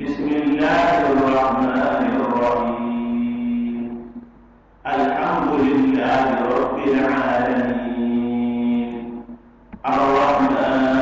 بسم الله الرحمن الرحيم الحمد لله رب العالمين الرحمن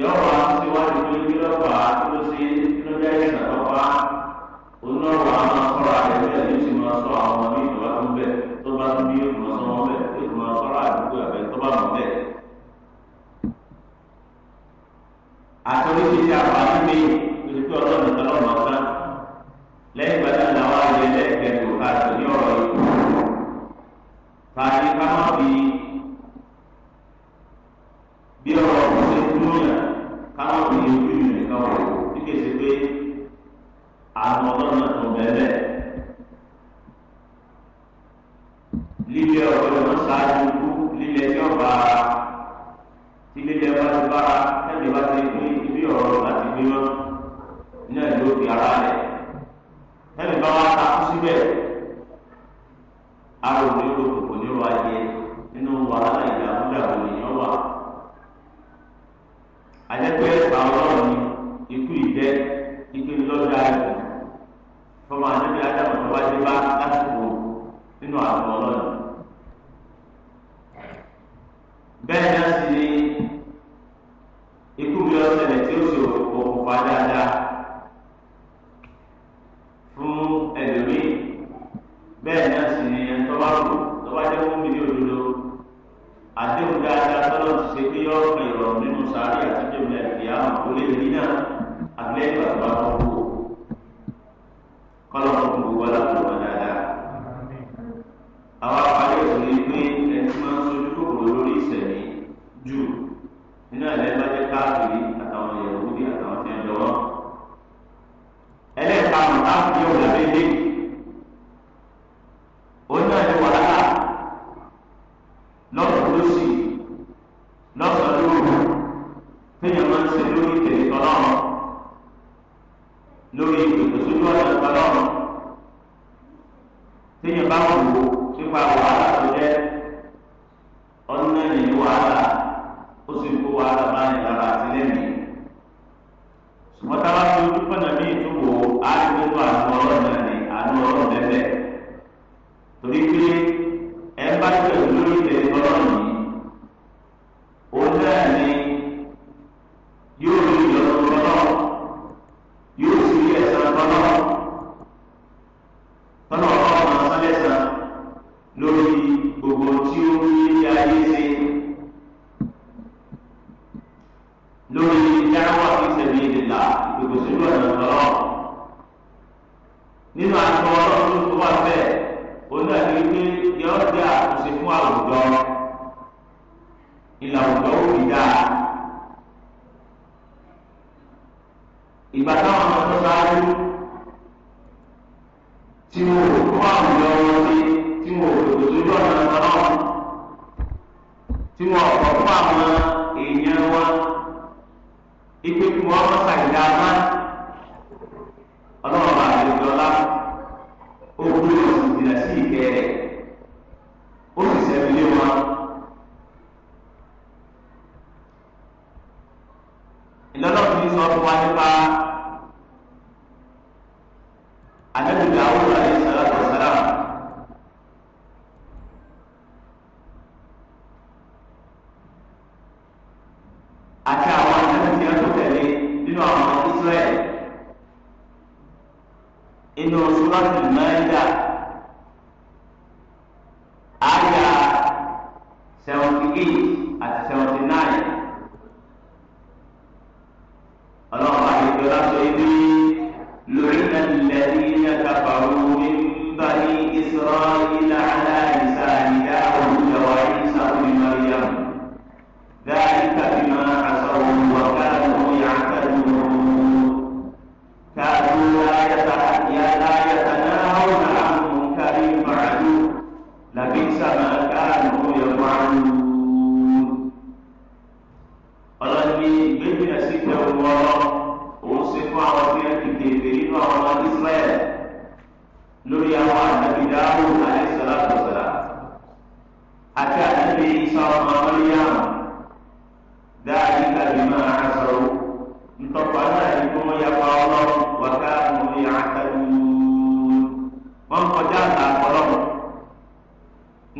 yọ wá síwájú pé kí ló fà á tó ṣe ló jẹ́ ìṣẹ̀ tó fà á oná wà á máa kọ́ra rẹ̀ bí ẹni tí máa sọ àwọn ọmọ mi ìjọba tó ń bẹ̀ tó bá tún bí èkó máa sọ wọn bẹ̀ èkó máa àdúgbò àbẹ tó bá mọ̀ bẹ̀. àtọ́lé ti ṣe àǹfààní mi lórí pé ọlọ́run ìtọ́lọ́run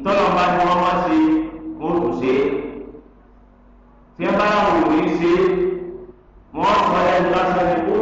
ntọ́lọ́ bá ní wọ́n máa ṣe wọ́n ṣe é tí ẹ bá yà wò ní ṣe wọ́n sọ ẹ lásán ní kó.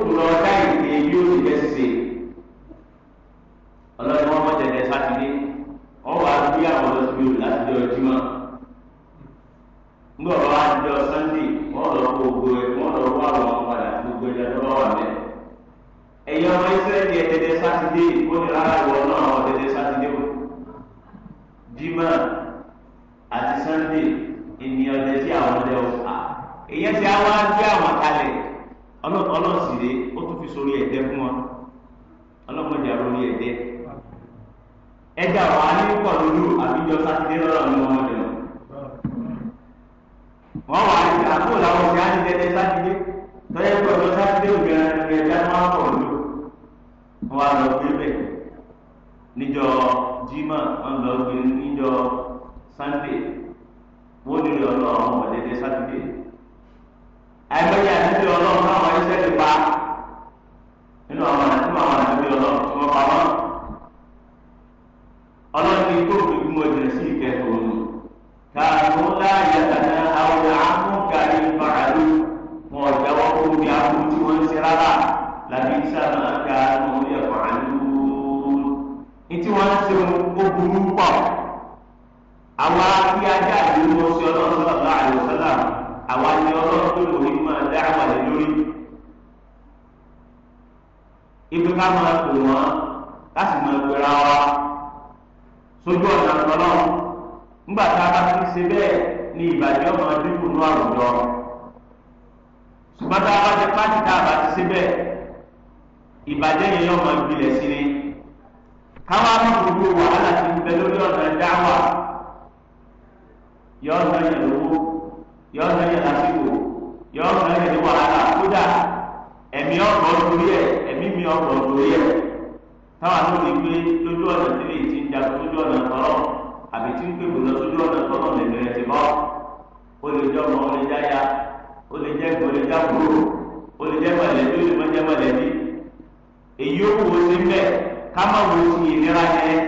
máa wo ìnira yẹn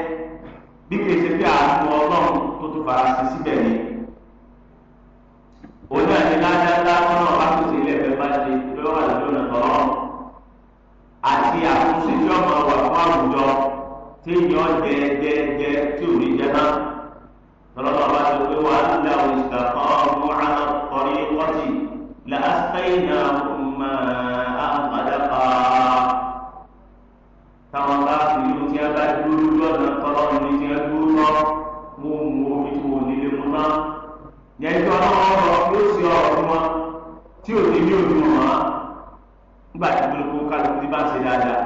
bí kìí ṣe pé àánú ọlọ́run tó tún fara sí síbẹ̀ ni. òun náà ní ládàá náà bá tó ṣe ilé ẹ̀fẹ́ bá ṣe lọ́wọ́ àdúgbò náà ọlọ́run àti àtúnṣe tí ọmọ wà fún àwùjọ tí èèyàn jẹ jẹ jẹ tí ò ní jẹ náà lọ́lọ́dọ̀ bá ṣe pé wàá ń lé àwọn ìgbà kan ọmọ àná kọrin kọ́tì làásìkò ní ẹni tó ọlọ́wọ́ ọ̀rọ̀ yóò sì ọ̀rọ̀ fún wọn tí ò ní ní òdu wọn á nígbà tí gbogbo kálukú ti bá ṣe dáadáa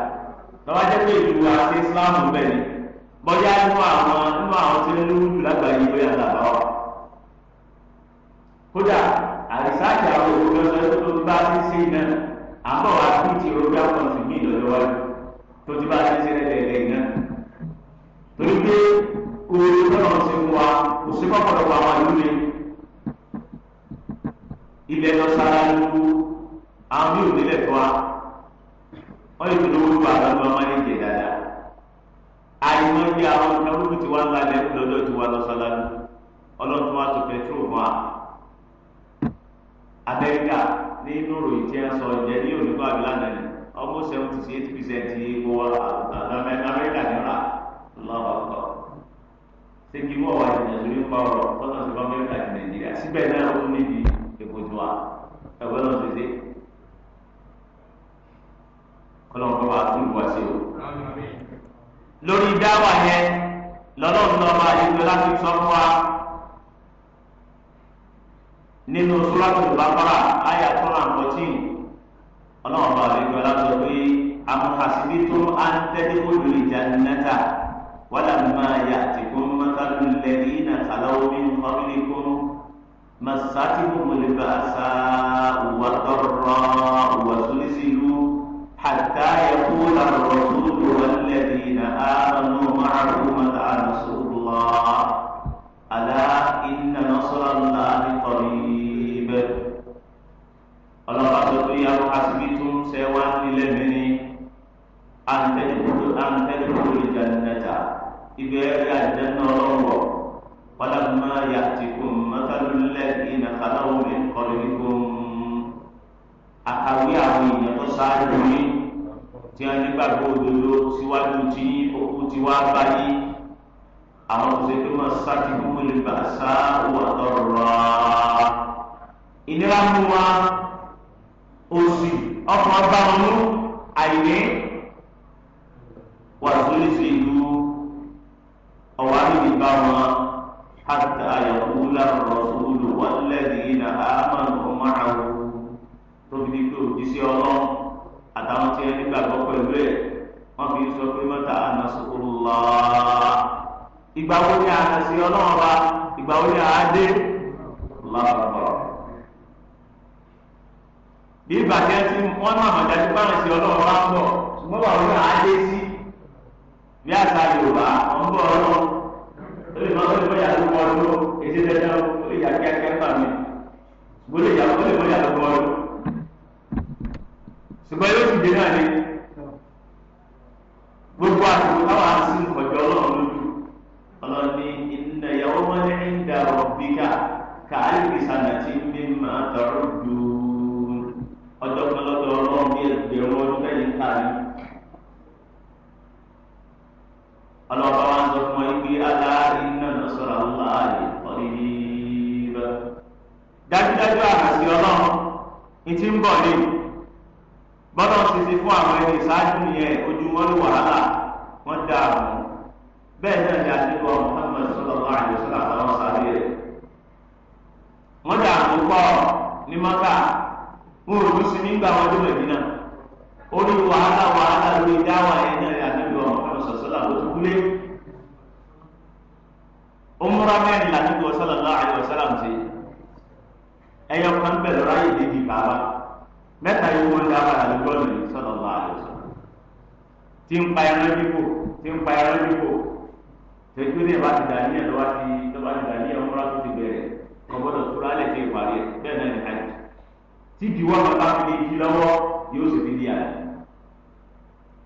lọ́wọ́ jẹ́ pé ìlú àti ìsìláàmù bẹ́ẹ̀ ni bọ́jà nínú àwọn nínú àwọn tí ń lówó jù lágbàáyé bóyá làbá wa kódà àrísáàjì àwọn òkúta ọ̀sán tó ti bá ti ṣe iná àbọ̀ wá sí ti orí àkọsí ní ìlọ́jọ́ wájú tó ti bá ti ṣe lẹ́lẹ́lẹ́ iná torí pé oore tó náà ti mú wa kò sí kọ́kọ́rọ́ wa wá lónìí. ilẹ̀ lọ sára lóko àwọn yóò nílẹ̀ tó wa wọ́n yóò tó lówó tó àlọ́ ọmọ yẹn jẹ dáadáa àyìnbó yí àwọn ìtàkùn ti lọ sára wa tó pẹ̀tró fún wa Amẹ́ríkà nínú ròyìn tí a sọ jẹ́ ní ni ọmọ seventy to eighty percent epo Amẹ́ríkà ní ra lọ́wọ́ kọ́ kí wọ́n wá sórí wà ẹgbẹ́ náà ti dé kọ́lọ́n kọ́ wa tún wá sí o. lórí dáwà yẹn lọ́lọ́run náà máa yí lọ láti sọ fún wa nínú Suratul Baqara àyà tó fourteen ọlọ́run bá lè gbọ́ láti sọ pé amhasibitum an tadkhulul jannata walamma ya'tikum mathalul ladhina khalaw min qablikum. مساتهم البأساء والضراء وزلزلوا حتى يقول الرسول والذين آمنوا معه متى نصر الله ألا إن نصر الله قريب الله أتطيع حسبتم سواء لمني أن تدخلوا أن تدخلوا الجنة إذا الجنة الله ولما يأتكم مثل الذين خلوا من قبلكم àkàwé àwọn èèyàn tó ṣáájú yín tí wọ́n nígbàgbọ́ òdodo síwájú tí òkú ti wá báyìí àwọn tó ṣe pé wọ́n sáti gbogbo lè bà sá wà tọrọ ìnira mú wa òsì ọkàn bá wọn mú àìní wà tó lè ṣe ìlú ọ̀wá níbi bá wọn. حتى يقول الرسول والذين آمنوا معه tóbi pé òjíṣẹ́ ọlọ́run àtàwọn tí ẹni gbàgbọ́ pẹ̀lú ẹ̀ wọ́n fi sọ pé mẹ́ta ànásùkúrúlá ìgbà wo ni àṣàṣì ọlọ́run wa ìgbà wo ni àádé lọ́pọ̀. bí ìbàjẹ́ tí wọ́n máa mọ̀ dájú bá àṣì ọlọ́run wa ń bọ̀ ṣùgbọ́n bàbá wọn àádé sí bí àṣà Yorùbá wọn bọ̀ ọlọ́run ó lè máa ń bọ́ yà lóko ọdún ètí tẹ́tẹ́ ó lè yà kíákíá gbà mí ṣùgbọ́n lè yà ó lè bọ́ yà lóko ọdún ṣùgbọ́n yóò ti dé náà ni gbogbo àtúntò táwọn àti ọjọ́ ọlọ́run lójú ọlọ́run ní inna yawman inda rabbika kàálìkì sànàtì mímà dọ̀rọ̀ dùn ọjọ́ kan lọ́dọ̀ ọlọ́run bí ẹgbẹ̀rún ọdún lẹ́yìn káàlì ọlọ́run. dájúdájú àràsí ọlọ́run ìtí ń bọ̀ ti fún àwọn ẹni ìṣáájú yẹn ojú wọn ní wàhálà wọn dá àrùn bẹ́ẹ̀ náà ni àdìgbò Muhammad sallallahu alaihi wasallam àtàwọn sáré rẹ̀ wọ́n dá àrùn pọ̀ ní mọ́kà wọn ò lùsí nígbà wọn náà ó ní wàhálà wàhálà lórí dáwà yẹn náà ni àdìgbò Muhammad kúlé ó ẹyọ kan bẹ̀ lọ́ra yìí débi bàbá mẹ́ta yìí wọ́n dá padà lójú ọ̀nà yìí sọ̀rọ̀ bá a lè sọ. tí ń pa ẹran dípò tí ń pa ẹran dípò tẹ̀síwé ní ìbá ti dà ní ẹ̀dọ́ ti lọ́ba ti dà ní ẹ̀wọ́n múra tó ti bẹ̀rẹ̀ kọ́bọ́dọ̀ tóra lè ṣe ìparí ẹ̀ bẹ́ẹ̀ náà ní hajj. tí ìdíwọ́ bàbá fi lè di lọ́wọ́ yóò sì fi di àlẹ́.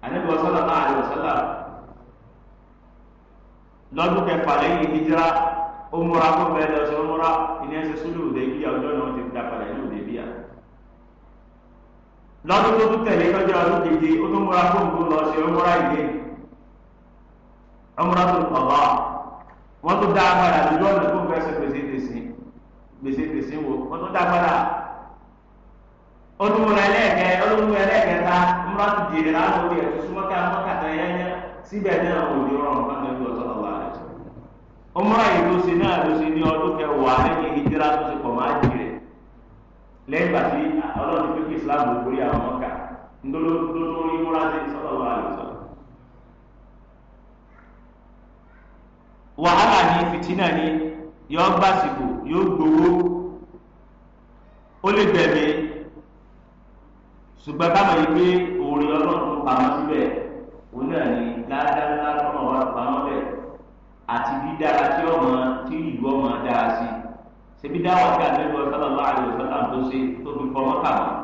àníbi ọ̀sán lọ́dún kẹfà lẹ́yìn ìdíjìrá ó múra kó fẹ́ lọ sí ó múra ìní ẹsẹ̀ sólù òdèbíyà ọjọ́ náà ti da padà ní òdèbíyà lọ́dún tó tún tẹ̀lé lọ́jọ́ ọdún keje ó tún múra kó nǹkó lọ sí ó múra ìdè ó múra tó ọ̀bá wọ́n tún dá agbára lójú ọ̀nà tó fẹ́ sọ gbèsè tèsí gbèsè tèsí wo wọ́n tún dá agbára ó ẹlẹ́ẹ̀kẹ́ ó ẹlẹ́ẹ̀kẹ́ta múra tó dìrẹ̀ láwọn orí ẹ̀ tó súnmọ́ ọmọràn yìí ló ṣe náà ló ṣe ní ọdún kẹwàá lẹ́yìn ìdíra tó ṣe pọ̀ máa jì rẹ̀ lẹ́yìn fi islam wàhálà ni ni gbowó ó lè ṣùgbọ́n yìí pé ọlọ́run síbẹ̀ òun náà ni dáadáa ńlá àti dídára tí ọmọ tí ìlú ọmọ dára sí ṣebí dáwà tí àgbẹ̀wò ọ̀sán ọ̀la àyè ọ̀sán àti ọ̀sẹ̀ tó fi fọwọ́ kà mọ́.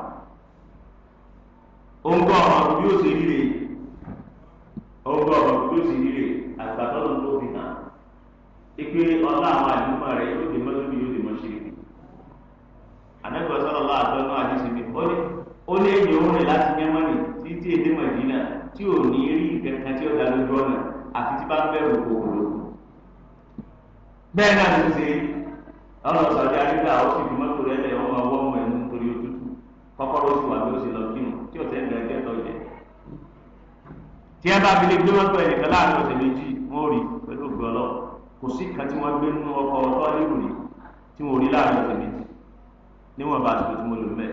oúnjẹ ọ̀rọ̀ bí ó ṣe ríre oúnjẹ ọ̀rọ̀ bí ó ṣe ríre àgbàdo ló tó fi hàn ipe ọlá àwọn àdúgbò rẹ yóò dé mọ́tò yóò dé mọ́ṣẹ́ rẹ. àgbẹ̀wò ọ̀sán ọ̀la àgbẹ̀ náà àti ṣèmi ó lé èyí òun rẹ̀ láti yẹ́mọ́nì títí èdè mọ̀dínà tí ò ní rí nǹkan kan tí ó dá lójú ọ̀nà àfi tí bá ń bẹ̀rù kòkòrò bẹ́ẹ̀ náà ló ṣe lọ́nà sọ̀dí àríkà ó sì fi mọ́tò rẹ̀ lẹ̀ wọ́n máa wọ́n mọ̀ ẹ̀mú torí òtútù kọ́kọ́rọ́ sì wà bí ó ṣe lọ kírun tí ò tẹ́ ẹ̀dẹ̀ ẹ̀dẹ̀ jẹ. tí ẹ bá fi lè gbé mọ́tò ẹ̀ nìkan láàrin ọ̀sẹ̀ méjì wọ́n rí pẹ̀lú ògbé ọlọ́ kò sí kan tí wọ́n gbé nínú ọkọ̀ ọ̀tọ́ nírú rí tí wọ́n rí láàrin ọ̀sẹ̀ méjì níwọ̀n bá aṣọ tí mo lò mẹ́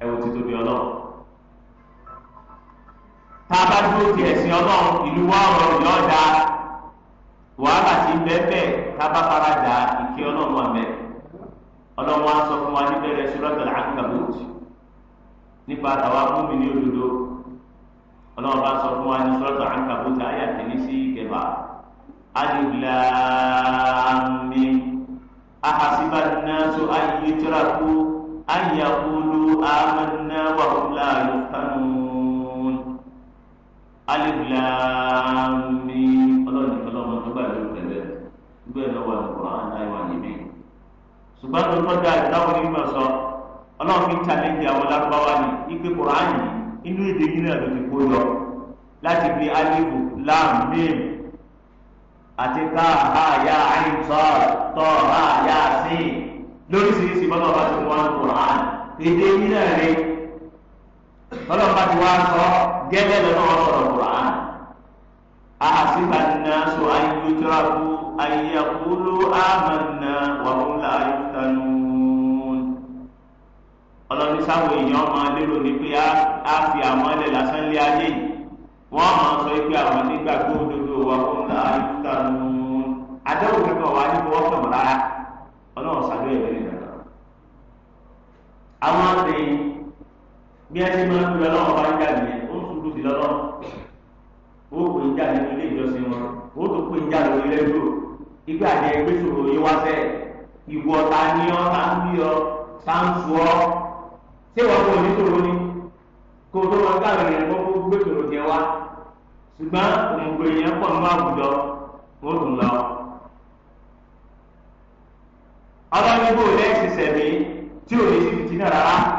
ẹ tóbi ọlọ́run tá a bá dúró ti ẹ̀sìn ọlọ́run ìlú wa ọ̀rọ̀ yọ̀ da wàhálà ti bẹ́ẹ̀ tá a bá fara da ìké ọlọ́run wà bẹ́ẹ̀ ọlọ́run wa sọ fún wa níbẹ̀rẹ̀ Suratul Ankabut nípa tàwa gómìn ní òdodo ọlọ́run bá sọ fún wa ní Suratul Ankabut àyà tẹ̀lé sí ìkẹfà alìlámi ahasibannasu ayyutraku an yaqulu amanna wa hum la yuftanun alifilami ọlọ́run nìkan lọ́mọ tó bá ìlú tẹ̀lé gbé lọ́wọ́ àlùkòrán aláìwá nìbí. ṣùgbọ́n tó tọ́jú àìsáwọn onímọ̀ sọ ọlọ́run fi ń challenge àwọn lárúbáwá ní ipe kòránì inú èdè yìí náà ló ti kó yọ láti fi alifu láàmì àti ká àyà àìsọ tọ àyà sí lóríṣiríṣi bọ́lá ọba tó wọ́n kòránì èdè yìí náà rèé tọ́lọ́pàá ti wá sọ gẹ́gẹ́ lọ́nà ọ̀sọ̀rọ̀ kùrán ahasiba an-nasu an yutraku an yaqulu amanna wa hum la yuftanun ọlọ́ni sáwọn èèyàn máa lérò ní pé a fi àwọn ẹlẹ́ lásán lé ayé yìí wọ́n máa sọ pé àwọn nígbàgbọ́ òdodo wa hum la yuftanun àdéhùn kankan wà ní fọwọ́ kàn rárá ọlọ́run sàdó ẹ̀rẹ́ nìkan àwọn àti bí ẹni máa ń fi ọlọ́run bá ń jà nìyẹn ó ń sùn lùdì lọ́lọ́run ó pè ń jà nínú ilé ìjọsìn wọn ó tó pè ń jà lórí rẹ́díò ibi àjẹ ẹgbẹ́ ìṣòro yín wá sẹ́ ìwọ ta ni ọ́ ta ń bí ọ ta ń fu ọ́ ṣé wọ́n kò ní ni kó tó wọn káàrin rẹ̀ kókó gbé ìṣòro jẹ wá ṣùgbọ́n òmùgbò èèyàn pọ̀ nínú àwùjọ wọ́n tún lọ. ọlọ́run ibò lẹ́yìn sẹ̀mí tí ò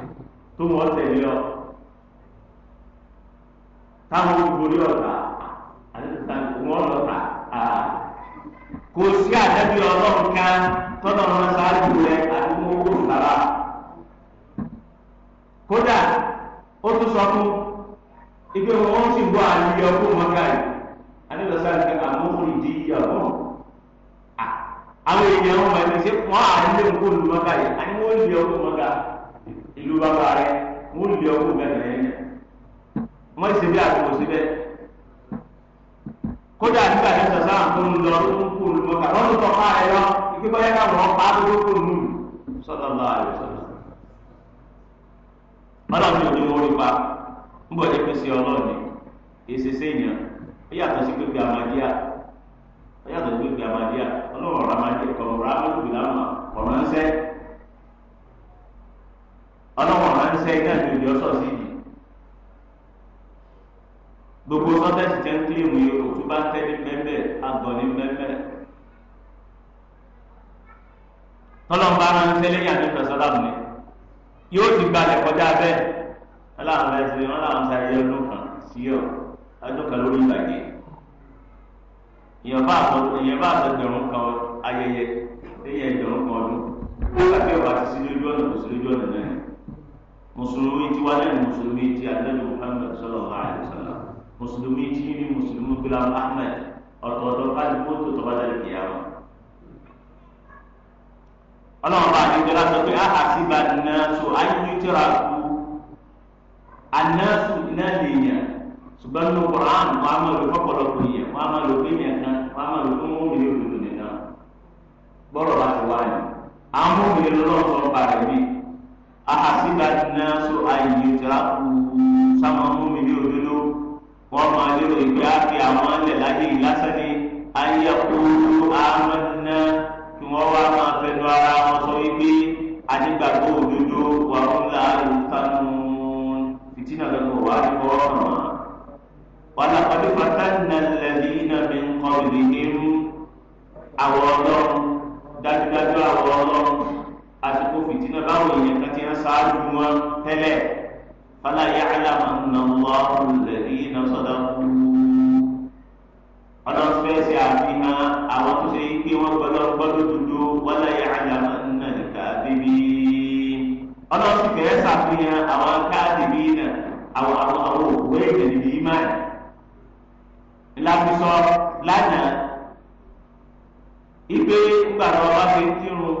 tó wọ́n tẹ̀lé ọ táwọn olùborí ọ̀tá wọ́n lọ tà á kò sí àdébí ọlọ́run ká tọ́lọ̀ wọn ṣáájú rẹ àti wọn wò sára kódà ó tún sọ fún ipe wọn sì bọ àlùyọ fún wọn káyì adébọ̀sá ní àmúhùn ìdí ìyàwó àwọn èèyàn wọn máa ń ṣe wọn àlùyọ fún wọn káyì àti wọn lè fún wọn káyì ìlú bàbá rẹ mo lè ọkọ bẹ̀rẹ̀ yẹn mọ ìṣe bí àtúwò síbẹ̀ kódà nígbà tí sọsọ àwọn tó ń lọ tó ń kó olùmọkà lọ́dún tó pa ẹ lọ ìgbé bá yẹ káwọn pa á tó kó nù sọdọ lọ àlè sọdọ ọlọ́run yóò ní wọn rí pa ń bọ̀ ẹgbẹ́ sí ọlọ́run èsì sẹ́yìn ó yàtọ̀ sí pé amadíà ó yàtọ̀ sí pé amadíà ọlọ́run amadíà kọ̀ọ̀rọ̀ amadu sẹ́yìn náà lòdì ọ̀sọ̀ sí ìdí gbogbo sọ́tẹ́sì tẹ́ ń kílèmù yìí òtún bá ń tẹ́ ní mẹ́mẹ́ àgọ́ ní mẹ́mẹ́ tọ́lọ́mbà ara ń tẹ́lẹ̀ yàtọ̀ pẹ̀sọ́lá mi yóò ti gbalẹ̀ kọjá bẹ́ẹ̀ ọlọ́run ẹ̀sìn wọn làwọn sáré ọdún kan sí ọ ọdún kan lórí ìbàjẹ́ ìyẹ̀bá àtọ̀gbẹ̀rún kan ayẹyẹ ẹ̀yẹ ìgbẹ̀rún kan ọdún nígbà tí ọba ti sí lójú ọ̀nà kò sí lójú ọ̀nà náà mùsùlùmí tí wàá lẹ́nu mùsùlùmí tí alẹ́nu muhammed sallallahu alaihi wasallam mùsùlùmí tí ní mùsùlùmí gulam ahmed ọ̀tọ̀ọ̀tọ̀ káàdì mọ́tò tọ́ba dàrí kìyàwó. ọlọ́run bá àdéjọ láti pé a hà sí ìbàdàn so ayélujára tíra kú anásù iná lèèyàn ṣùgbọ́n ní Qur'an wọn a máa lò fọ́pọ̀lọpọ̀ yẹn wọn a máa lò fún yẹn kan wọn a máa lò fún mọ́mìnì òdòdó nìkan bọ́rọ̀ bá ti wá ní àwọn lọ́wọ́ sọ̀rọ̀ ahasiba nnasu ayutaku sáwọn mú mi ní òdodo wọn máa lérò ìgbé àfi àwọn ẹlẹ láyé ìlásán ni ayakuru amanna kí wọn wá máa fẹnu ara wọn sọ wípé adigbàgbọ́ òdodo wà ń la fìtínà lọkọ wà ní bọrọ náà wàlàkọdé fatanna lẹbìínà mi ń kọ ìrìnnìmú àwọn Ọlọ́run dájúdájú àwọn Ọlọ́run àsìkò fìtínà báwọn èèyàn kan ti ń ṣáájú wọn tẹ́lẹ̀ fala ya'lamanna Allahu alladhina sadaqu ọlọ́sẹ̀ẹ̀sẹ̀ àfihàn àwọn tó ṣe ike wọn gbọdọ̀ gbọdọ̀ dúdú wala ya'lamanna al-kadhibin ọlọ́sẹ̀ẹ̀sẹ̀ àfihàn àwọn káàdìbí náà àwọn àwọn àwọn òkú èèyàn níbi imáì láti lánàá ipe gbàdọ̀ ọba fi ń tírun.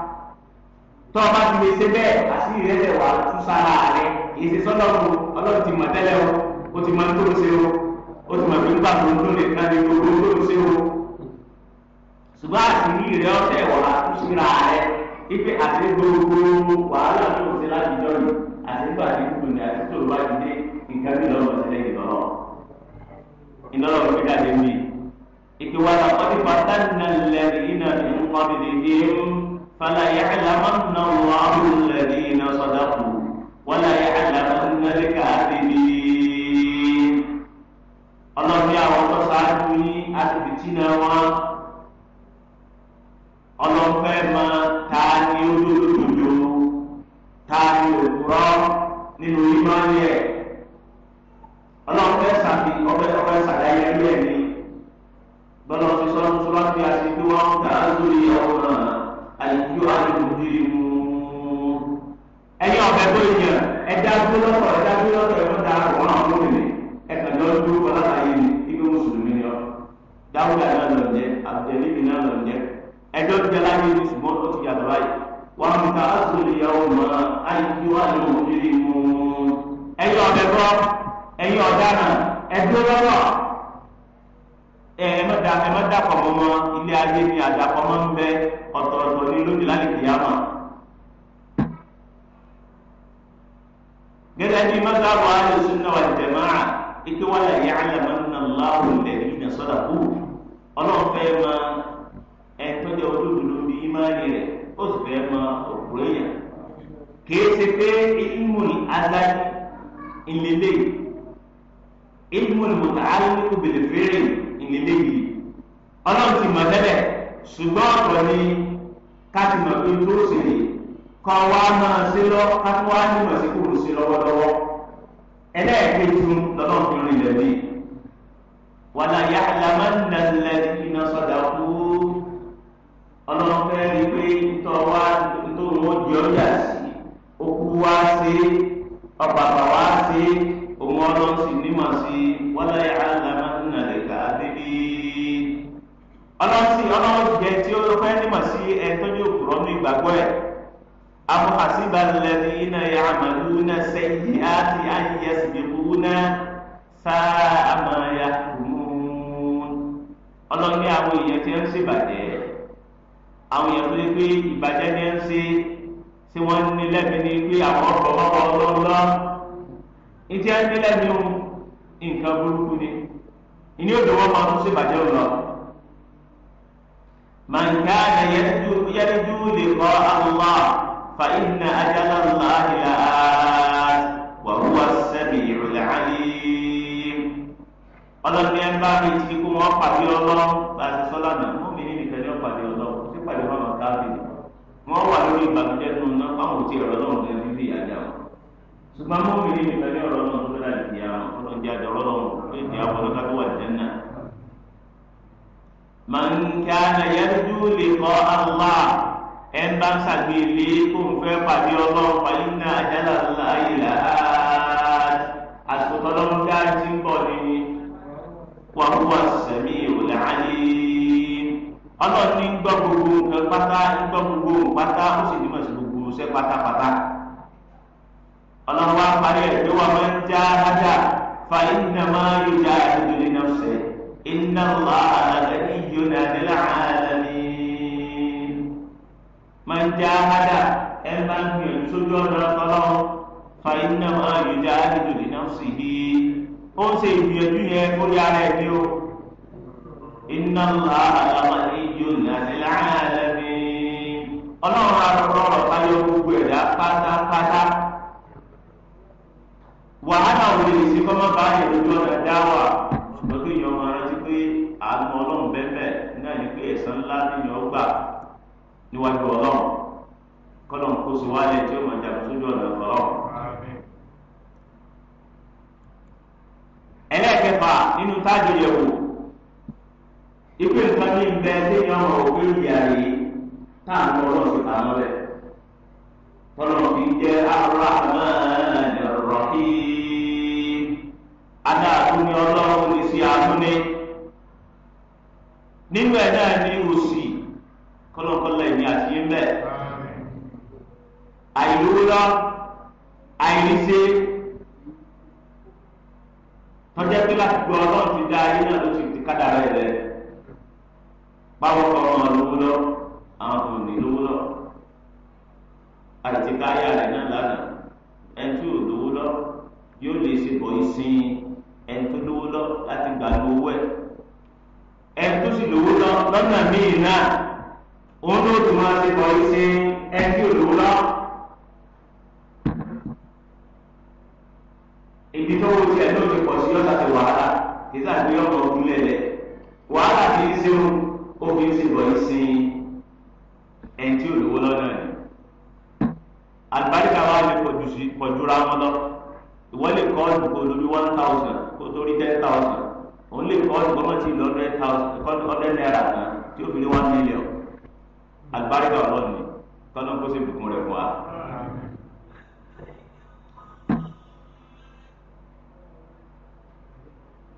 tọ́ ọba ti lè ṣe bẹ́ẹ̀ àṣírí rẹ̀ lẹ̀ wà tún sára rẹ̀ kì í ṣe sọ́dọ̀ o ọlọ́run ti mọ̀ tẹ́lẹ̀ o o ti mọ̀ tó ṣe o ó ti mọ̀ pé nígbà tó ń dún nìkan ni gbogbo tó ṣe o ṣùgbọ́n àṣírí rẹ̀ ọ̀tẹ̀ wà tún síra rẹ̀ ipe àti gbogbo wàhálà tó ṣe láti jọ yìí àti nígbà tí kò ní àti tó wá ti dé nǹkan bí lọ́wọ́ tẹ́lẹ̀ ìlọ́rọ̀ ìlọ́rọ̀ fi jáde mí ìpè wàhálà kọ́ فليعلمن الله الذين صدقوا وليعلمن الكاذبين ọlọ́run yà wọ́n tó ṣáájú ní asibiti náà wá ọlọ́fẹ́ máa ta ni olódodo ta ni òwúrọ́ nínú ìmọ̀lẹ́ ẹ̀ ọlọ́fẹ́ sàbí ọbẹ̀ ọbẹ̀ sàdáyé ẹ̀rí ẹ̀ ní bọ́lá ọ̀sẹ̀ sọ́lá mùsùlùmí àti ìdíwọ́n tàà lórí ọ̀rọ̀ náà àyíjú àlùmọ́dé mú. ẹ̀yin ọ̀bẹ tó yẹ ẹ̀dá gbólọ́tọ̀ ẹ̀dá gbólọ́tọ̀ ẹ̀kọ́ da ọ̀rọ̀ àwọn obìnrin ẹ̀kan lọ dúró kọ́ látàyè ní ibi mùsùlùmí ni ọ. dáwúdà náà lọ jẹ àbùjẹ̀lì mi náà lọ jẹ ẹjọ́ ti jẹ́lá yé ní ṣùgbọ́n ó ti yàtọ̀ báyìí. wọn kà á sórí ìyàwó mọ́ àyíjú àlùmọ́dé mú. ẹ̀yin ọ̀bẹ ẹ̀ẹ́mẹ́ta ẹ̀mẹ́ta kọ̀mọ́ mọ́ ilé ayé ni àdàkọ́mọ́ ń bẹ ọ̀tọ̀ọ̀tọ̀ ní lónìí lálẹ́ kìyàmọ́. gẹ́gẹ́ bí mọ́tàbọ̀ ayé sunna wà jẹ̀máà ike wà láyé àyàmánà láwùn lẹ́yìn ìnà sọ́dà kú ọlọ́ọ̀fẹ́ ma ẹ̀ẹ́dẹ́gbẹ́ olódodo bí imáni rẹ̀ ó sì fẹ́ ma òkúrẹ́ yàn kìí ṣe pé ilmùn azali lélẹ́yìí ọlọ́run ti mọ̀ tẹ́lẹ̀ ṣùgbọ́n ọ̀tọ̀ ni ká ti mọ̀ pé tó ṣe lè kọ́ wa máa ṣe lọ ká tó wá nímọ̀ sí kò ṣe lọ́wọ́lọ́wọ́ ẹlẹ́ẹ̀kejì lọ́lọ́run fi rìn lẹ́bí wàlá yàlámà nàlẹ́ iná sọ̀dà kú ọlọ́run fẹ́ rí pé tọ́ wa tó wọ́n jọ yà sí okú wa ṣe ọ̀pàpà wa ṣe òun ọlọ́run sì nímọ̀ sí wàlá yàlámà. ọlọ́sìn ọlọ́run jẹ tí ó fẹ́ nímọ̀ sí ẹni tó ní ní ìgbàgbọ́ ẹ̀ amúhàsíbalẹ̀ iná ya àmàlú iná sẹ́yìn àti ayẹsìmẹ̀kú iná sáà àmàyà kùmùún ọlọ́run àwọn èèyàn tí ń ṣèbàjẹ́ àwọn èèyàn tó lè ìbàjẹ́ ní ń ṣe tí wọ́n ní lẹ́bi ní àwọn ní lẹ́bi nǹkan burúkú ni ìní òdòwọ́ máa ṣèbàjẹ́ من كان يرجو يرجو لقاء الله فإن أجل الله لآت وهو السميع العليم ọlọ́run ní ẹ bá mi ti kó wọn pàdé ọlọ́run bá a ti sọ lánàá wọn mi ní nìkan ní ọ̀pàdé ọlọ́run tí pàdé wọn náà káàbì wọn wà lórí ìbànújẹ́ nínú náà fáwọn òtí ọ̀rọ̀ náà ní ẹni ìyájà wọn ṣùgbọ́n wọn mi ní nìkan ní ọ̀rọ̀ náà tó dára ìdí àwọn ọlọ́run jẹ́ àjọ ọlọ́run ló ń jẹ́ àwọn ọlọ́run tó wà jẹ́ náà man kana yarju liqa Allah ẹ̀ ń bá ń ṣàgbélé kó ń fẹ́ pàdé ọlọ́run fa inna ajala Allahi la'at àsìkò ọlọ́run dá jí ń bọ̀ ní wa huwa as-sami'ul 'alim ọlọ́run ní gbọ́ gbogbo nǹkan pátá ń gbọ́ gbogbo nǹkan pátá ó sì nímọ̀ sí gbogbo iṣẹ́ pátápátá ọlọ́run wá parí ẹ̀ pé wà máa ń já ájà li nafsihi inna allaha laghaniyun 'anil 'alamin man jahada ẹ máa ń gbìyànjú sójú ọ̀nà ọlọ́run fa inna ma yujadidu li nafsihi ó ń ṣe ìgbìyànjú yẹn kórí ara ẹ̀ ní o inna allaha laghaniyun 'anil 'alamin ọlọ́run arọ̀rọ̀ ọ̀rọ̀ báyọ̀ gbogbo ẹ̀dá pátápátá wàhálà òun lè ṣe kọ́ mọ́ báyìí lójú ọ̀nà. níwájú ọlọ́run kọ́lọ̀ ń kó sí wálẹ̀ tí ó máa jagun sójú ọ̀nà ọlọ́run. ẹlẹ́ẹ̀kẹfà nínú táàjì yẹ̀wò ìpè nǹkan ní ìbẹ́ lẹ́yìn ọmọ òkú ìyá rèé táàmù ọlọ́run sì bá lọ́lẹ̀ kọ́lọ̀ fi jẹ́ Ar-Rahman Ar-Rahim adáàtúni ọlọ́run ní sí àtúni nínú ẹ̀ náà ni kọlọ́nkọlọ́ èmi àti yín bẹ́ẹ̀ àìlówó lọ àìríṣe tọ́jà pé láti gbọ́ ọlọ́run ti dá ayé náà ló ti ti kádà rẹ̀ rẹ̀ báwo kọ́ ọmọ lówó lọ àwọn kò ní lówó lọ àti káyà rẹ̀ náà lánàá ẹni tí ò lówó yóò lè ṣe bọ̀ ìsìn ẹni tó lówó láti gbà lówó ẹ̀ ẹni tó sì lówó lọ míì náà òun tó tún máa ṣe bọ̀ yìí ṣe ẹni tí olówó lọ. ibi tó wo tiẹ̀ tó ti pọ̀ sí ọ̀sà ti wàhálà títà ní ọmọ òkúlẹ̀ rẹ̀ wàhálà ti ń ṣe ó fi ń ṣe bọ̀ yìí ṣe ẹni tí olówó lọ́nà rẹ̀ àlùbáríkà wa lè pọ̀jù sí pọ̀jù ra wọn one thousand kó torí ten thousand òun lè kọ́ ọdún kọ́mọ́tì lọ́dún hundred thousand hundred naira kan tí ó fi ní one million àlùbáríkà ọlọ́run ni kọ́nà kó sì bùkún rẹ̀ fún wa.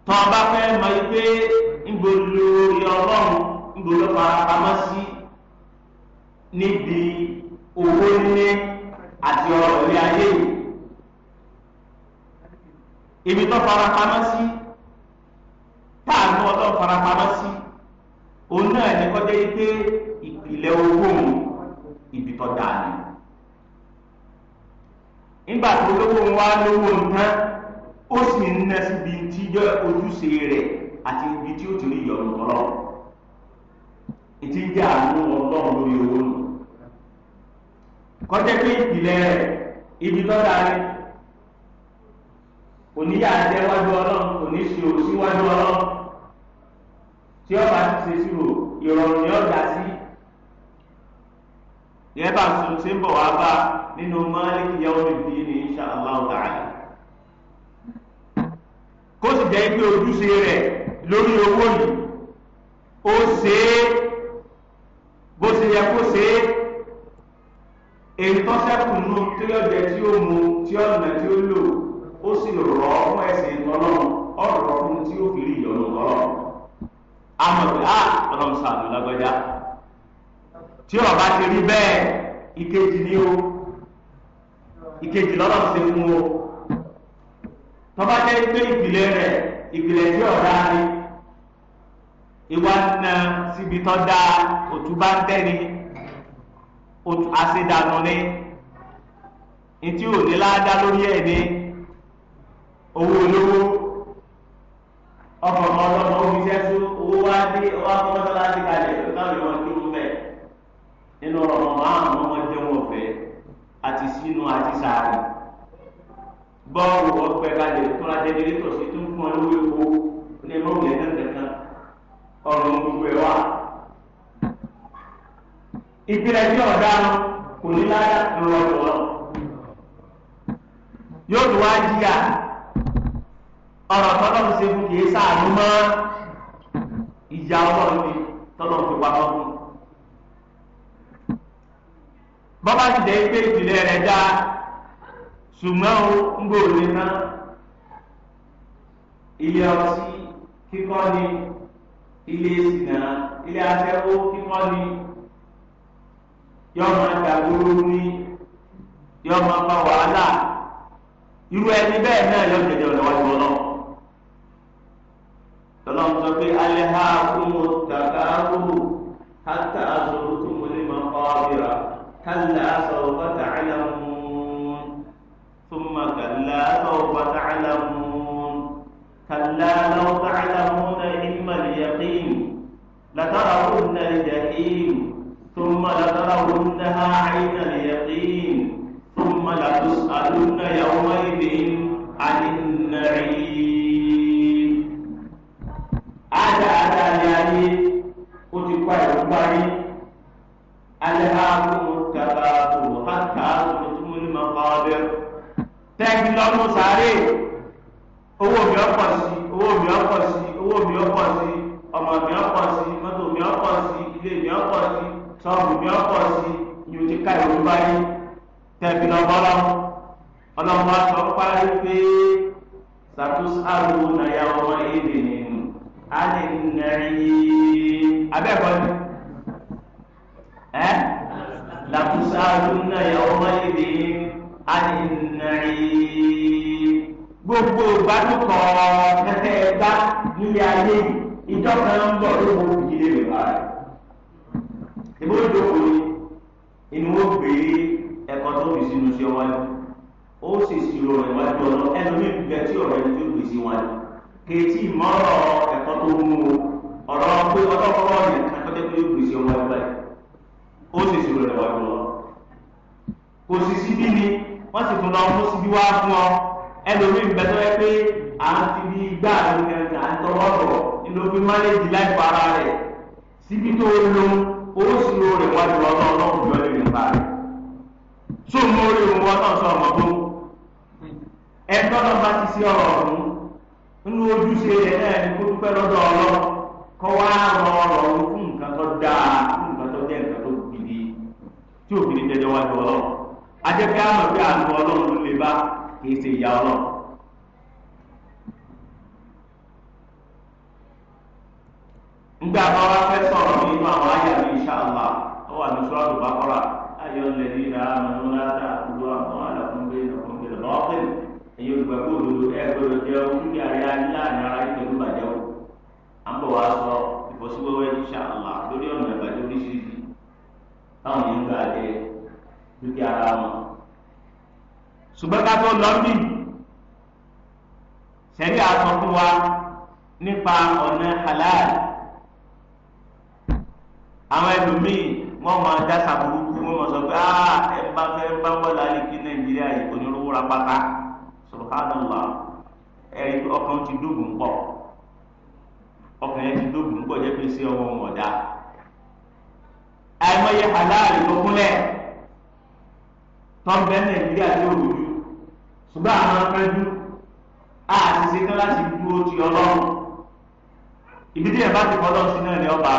tọ́ ọ bá fẹ́ mọ ipé ńgbòlò ìyá ọlọ́run ńgbòlò farapamọ́ sí níbi owó nílé àti ọ̀rọ̀ ilé ayé ibi tó farapamọ́ sí táàmù ọlọ́run farapamọ́ sí òun náà ní kọjá pé ilẹ̀ ogún ibi tó dáa ni nígbà tó lówó ń wá lówó ń tán ó sì ń ná síbi tí jẹ́ ojúṣe rẹ̀ àti ibi tí ó ti rí ìyọnu tọ́lọ́ ètí ń jẹ́ àánú ọlọ́run lórí owó nù kọjá pé ìpìlẹ̀ rẹ̀ ibi tó dáa ni oníyà jẹ́ wájú ọlọ́run oníṣirò síwájú ọlọ́run tí ọba ti ṣe sírò ìrọ̀rùn ni ọjà sí yẹn bá ṣe ń bọ̀ wá bá nínú Maliki Yawmiddin ní insha Allah ta'ala. kó sì jẹ́ pé ojúṣe rẹ̀ lórí owó yìí ó ṣe é bó ṣe yẹ kó ṣe é èyí tó ṣẹ́kù nù tí ó jẹ tí ó mu tí ó nà tí ó lò ó sì rọ̀ ọ́ fún ẹ̀sìn ìtọ́lọ́run ọ̀rọ̀ fún tí ó fi rí ìyọ̀nù tọ́lọ́run. àmọ̀ pé a ah, ọlọ́run sàmì tí ọba ti rí bẹ́ẹ̀ ìkejì ni o ìkejì lọ́dọ̀ ṣe fún o tọ́ba jẹ́ pé ìpìlẹ̀ rẹ̀ ìpìlẹ̀ tí ọ̀dá ni ìwà nà síbi tó dáa òtúbá ń tẹ́ni àṣedànù ni etí òde láadá lórí ẹ̀ ní owó olówó ọkọ̀ ọmọ ọlọ́mọ omi sẹ́sú owó wá dé ọwọ́ akọ́mọ́tọ́lá ti kalẹ̀ lọ́wọ́ ìwọ̀n ní nínú Ramadan àwọn ọmọ jẹun ọ̀fẹ́ àti sínú àti sàárì bọ́ọ̀lù ọ̀pẹ kalẹ̀ tó la jẹ́ délé tọ̀sí tó ń fún ọ lówó epo ní ẹgbẹ́ òwúlẹ̀ kankan ọ̀rùn gbogbo ẹ̀ wá. ìpìlẹ̀ tí ọ̀daràn kò ní láyà lọ́wọ́lọ́wọ́ yóò tún wá jìyà ọ̀rọ̀ tọ́lọ́mù ṣe fún kì í sáàánú mọ́ ìjà ọlọ́run ni tọ́lọ́mù fi wá tọ́kùn. bọ́bá ti jẹ́ pé ìpìlẹ̀ rẹ̀ dá ṣùgbọ́n o ń gbòòrè náà ilé ọtí kíkọ́ ni ilé ìsìnà ilé kíkọ́ ni yọ máa ní yọ máa fa irú ẹni náà yọ náà ha hátà tó كلا سوف تعلمون ثم كلا سوف تعلمون كلا لو تعلمون علم اليقين لترون الجحيم ثم لترونها عين kari owó mi ọ̀pọ̀ sí owó mi ọ̀pọ̀ sí owó mi ọ̀pọ̀ sí ọmọ mi ọ̀pọ̀ sí mọ́tò mi ọ̀pọ̀ sí ilé mi ọ̀pọ̀ sí sọ́ọ̀bù mi sí ni o ti ká báyìí lọ pé nàyà ìbátúkọ̀ ẹsẹ̀ ẹgbá nílé ayé ìjọ kan ń bọ̀ ló mú ìdílé rẹ̀ bá rẹ̀. ìbò ìdókòó ni inú ó gbé ẹ̀kọ́ tó fi sínú sí ọwọ́ ni ó sì ṣírò rẹ̀ wájú ọ̀nà ẹlòmíì bẹ tí ọ̀rọ̀ ẹni tó gbèsè wọn ni kèétí ìmọ̀rọ̀ ẹ̀kọ́ tó mú o ọ̀rọ̀ pé ọlọ́kọ̀ọ́ yẹn kájọ́jẹ́ pé ó gbèsè wọn báyìí ó sì ṣírò rẹ̀ wájú ọ̀nà kò sì síbí ni wọ́n sì tún lọ mú síbí wá fún ọ ẹlòmíín bẹ tó yẹ pé à ń ti di igbá àdéhùn kẹrin à ń tọwọ́ bọ̀ nínú bí mánéjì láìpọ ara rẹ̀ síbi tó o lo owó sì lo rẹ̀ wájú ọlọ́run ọlọ́run jọ lè rìn pa rẹ̀ tó mú orí òun wọ́n náà sọ ọmọ tó ẹ̀tọ́ náà bá ti sí ọ̀rọ̀ ọ̀hún nínú ojúṣe rẹ̀ náà ni kó dúpẹ́ lọ́dọ̀ ọlọ́ kọ́ wá rọ ọ̀rọ̀ ọ̀hún fún nǹkan tó dáa fún nǹkan tó jẹ́ nǹkan tó gidi tí òfin jẹjẹ wájú ọlọ́run ajẹ́pẹ́ àmọ̀ bí àlùkò ọlọ́run ló lè bá kì í ṣe ìyá ọlọ́run. nígbà tó wá fẹ́ sọ̀rọ̀ nínú àwọn àyà mi ṣáàlà tó wà ní sọ́ọ̀dù bákọ́rà ayọ̀ lẹ̀ ní ìlà àmọ́ látà gbogbo àwọn àlàkùnbé ìlọ̀kùnbé lọ́ọ̀kẹ́ èyí olùgbàgbọ́ òdodo ẹgbẹ́rún jẹ́ oúnjẹ àríyá ńlá ní ara ìtẹ̀lú bàjẹ́ o à ń bọ̀ wá sọ ìfọ́síwẹ́wẹ́ ìṣàlà lórí ọ̀nà ìbàjẹ́ oríṣiríṣi táwọn yìí ń gbà jẹ dúkìá ara wọn ṣùgbọ́n ká tó lọ bí ṣẹ̀rí àsọ fún wa nípa ọ̀nà halal àwọn ẹlòmíì wọ́n máa dáṣà burúkú wọ́n máa sọ pé ah ẹ bá fẹ́ bá bọ́lá lè kí nàìjíríà yìí kò ní rówó ra pátá subhanallah ẹ̀rí ọkàn ti dógùn pọ̀ ọkàn yẹn ti dógùn pọ̀ jẹ́ pé sí ọmọ ọ̀dà àìmọye halal ló kúnlẹ̀ tọ́ńbẹ́ nàìjíríà tí ó ṣùgbọ́n àwọn afẹ́jú a ti ṣe tán láti dúró ti ọlọ́run ibi tí yẹn bá ti fọlọ́ sí náà ní ọba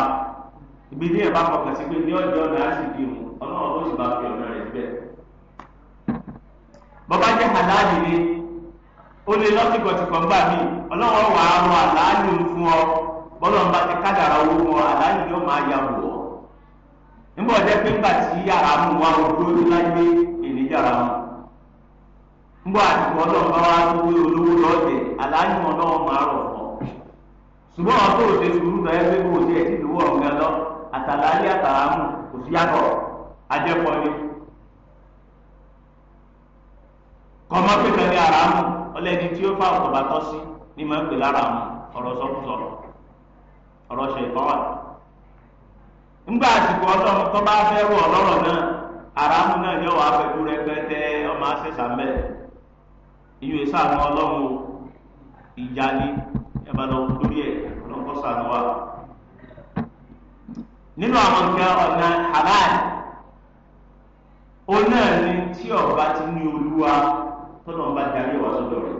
ibi tí yẹn bá fọkàn sí pé ní ọjọ́ ọ̀nà á sì di mu ọlọ́run ló sì bá fi ọ̀nà rẹ̀ bẹ̀. bọ́bá jẹ́ àláàlì ni ó lé lọ́tìkọ̀tìkọ̀ gbà mí ọlọ́run wà á rọ àláàlì ń fún ọ bọ́lọ̀ ń bá ti kádàrà owó fún ọ àláàlì yóò máa ya wù ọ́ nígbà ọjọ́ pé ńgbà tí yàrá mú wa ò dúró ní láyé ènìjàrá mú. ngbọ́ àtìkù ọlọ́run bá wá lówó olówó dị aláàjù ọlọ́run máa rọ̀ ọ́ ṣùgbọ́n àwọn tó ṣe sùúrù lọ ẹgbẹ́ kó o ṣe ẹtì ìdúró ọ̀gá lọ àtàlálẹ́ àtàlámù kò sí yàtọ̀ ajẹ́pọ̀lẹ́ kọ́mọ́ tí ó fa ọ̀tọ̀bà ní pè lára ọrọ ṣe náà náà ìyó ẹ ṣàánú ọlọ́run ìjà ni ẹ bá lọ lórí ẹ ọlọ́kọ́ ṣàánú wa. nínú àwọn nǹkan ọ̀nà halal òun náà ni tí ọba ti ní olúwa tọ́nà ọba darí ọ̀wá sọ́dọ̀ rẹ̀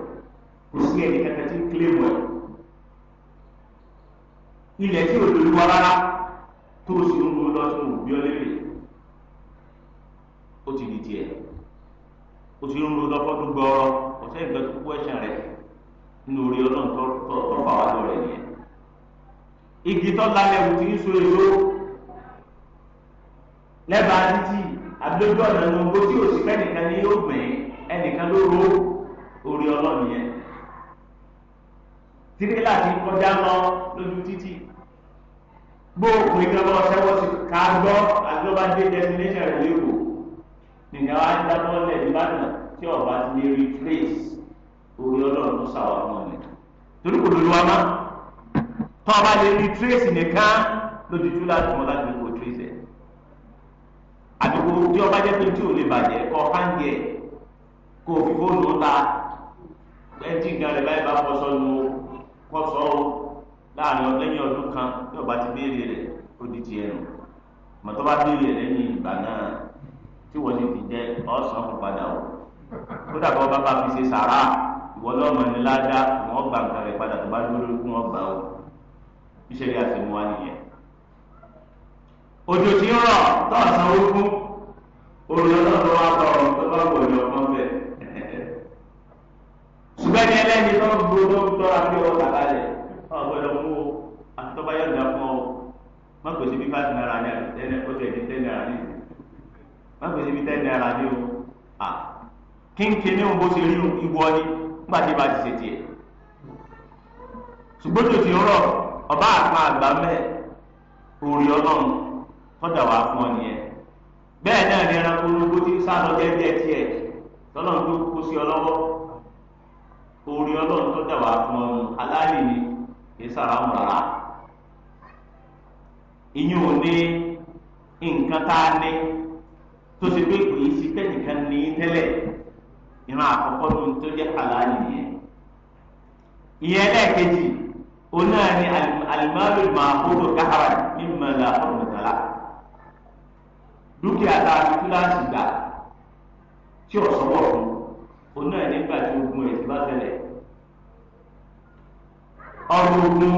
kò sí ẹni kankan tí ń kílèmù ẹ̀ ilẹ̀ tí ò lórí wa rárá tó o sì ń wo lọ́sùn òbí ọlẹ́rẹ̀ ó ti di tiẹ̀ o ti ń ro lọ́fọ́dún gbọ́ọ́rọ́ kò sẹ́yìn gbẹ́ tó kú ẹ̀ṣẹ̀ rẹ̀ nínú orí ọlọ́run tó bá wà lọ rẹ̀ nìyẹn. igi tó lálẹ́ wù tí ń so èso lẹ́bàá títì àdójú ọ̀nà ní ogbó tí òsì kẹ́nìkan ní yóò gbìn ẹnìkan ló ro ti kọjá lọ lójú títì gbóògùn ìgbàlọ́ ṣẹ́wọ́ sí ká gbọ́ àti ló bá dé destination rẹ̀ nìyẹn wá dábọ́ lẹ̀ nígbàdàn tí ọba ti lè rí trace orí ọlọ́run tó sàwọn ọmọ rẹ̀ torí kò lólu wa má tọ́ ọba lè rí trace nìkan lójoojú láti mọ láti kó trace ẹ̀ tí ọba jẹ́ pé tí ò lè bàjẹ́ kọ́ fi fóònù ta ẹtí báyìí bá sọ́nu kọ́ tí wọ́n sì fi jẹ ọ̀sán fún padà o kódà bọ́ bá bá fi ṣe sàrà ìwọ lọ́mọ ní ládá wọ́n gbà nǹkan rẹ̀ padà tó bá dúró lórí fún ọgbà o ìṣẹ̀lẹ̀ àṣemú wa nìyẹn. òjò tí ń rọ̀ tó ọ̀sán ó fún olùyọ náà ló wá bọ̀ ọ̀rọ̀ tó bá wò ní ọgbọ́n bẹ̀. ṣùgbọ́n ní ẹlẹ́ni tó ń bu tó ń tọ́ra pé ó kà kalẹ̀ ọ̀gbọ́dọ̀ mú o àti tó bá yọ̀ wọn pèsè ibi tẹ́ náírà ní o à kínkín ní òun bó ṣe rí ìwọ ni nígbà tí ìbá ti ṣe tiẹ̀ ṣùgbọ́n rọ ọba àpá àgbà mẹ́ẹ̀ orí ọlọ́run tọ́jà wá fún ọ nìyẹn bẹ́ẹ̀ náà ní ọ lọ́wọ́ orí ọlọ́run tọ́jà wá fún ọ aláàlì ni kì í tó ṣe pé kò yí sí tẹnìkan ní tẹ́lẹ̀ ìran àkọ́kọ́ ní tó jẹ́ àlàyé nìyẹn ìyẹn lẹ́ẹ̀kejì òun náà ni alimami mahamudu kahara ní mọlá ọmọdala dúkìá tá a fi kíláàsì gbà tí ò sọwọ́ fún òun náà nígbà tí ogun ẹ̀ ti bá tẹ̀lẹ̀ ọrùn ogun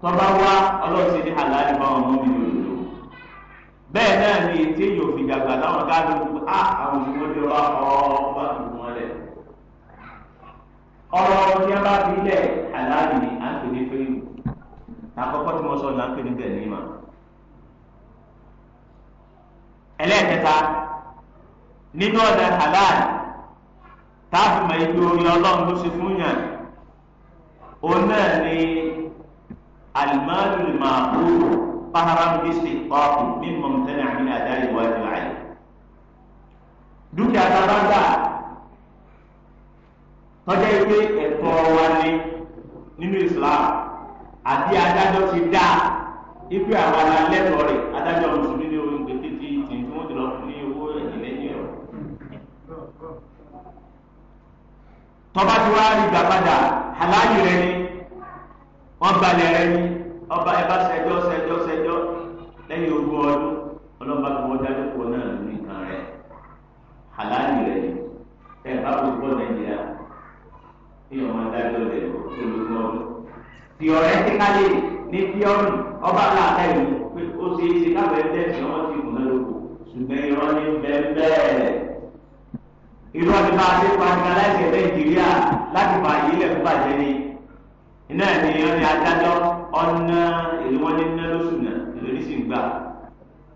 tọ́ba wá ọlọ́sìn ní àlàyé báwọn mú mi lòlò. bẹ́ẹ̀ náà ni ètí yóò fi gbàgbà láwọn káàdì òkú á ah, àwọn ìwọ́de ọrụ ọ̀ọ́gbà ìwọ́n lẹ̀. ọ̀rọ̀ tí a bá fi lẹ̀ aláàbì ni à ń pè ma. ẹlẹ́ẹ̀kẹta nínú ọ̀dà halal táàbù mọ̀ ọlọ́run ló ṣe fún yàn òun قهرا باستحقاق من ممتنع من اداء الواجب عليه dúkìá tá a bá gbà tọ́jà ìpè ẹ̀tọ́ wa ni nínú Islam àti adájọ́ ti dá ìpè àwọn alẹ́tọ̀ọ́ rẹ̀ adájọ́ mùsùlùmí ní orin pété ti tì tí wọ́n ti lọ fún ní owó ẹ̀yìn lẹ́yìn ẹ̀rọ. tọ́ba ti wá rí ni wọ́n balẹ̀ ni ọba ẹ bá ṣẹjọ́ theoretically ní theory ọba aláàtà yìí pé ó ṣe é ṣe káfẹ́ tẹ̀sí ọmọ tí kò náà lóko ṣùgbọ́n irọ́ ní bẹ́ẹ̀ irọ́ ní máa ṣe pàṣẹ aláìsí ẹ̀ nàìjíríà láti fà yí ilẹ̀ fún bàjẹ́ ni iná ní irọ́ ní adájọ́ ọ̀nà èyí wọ́n ní ná lóṣù náà èyí ní sì ń gbà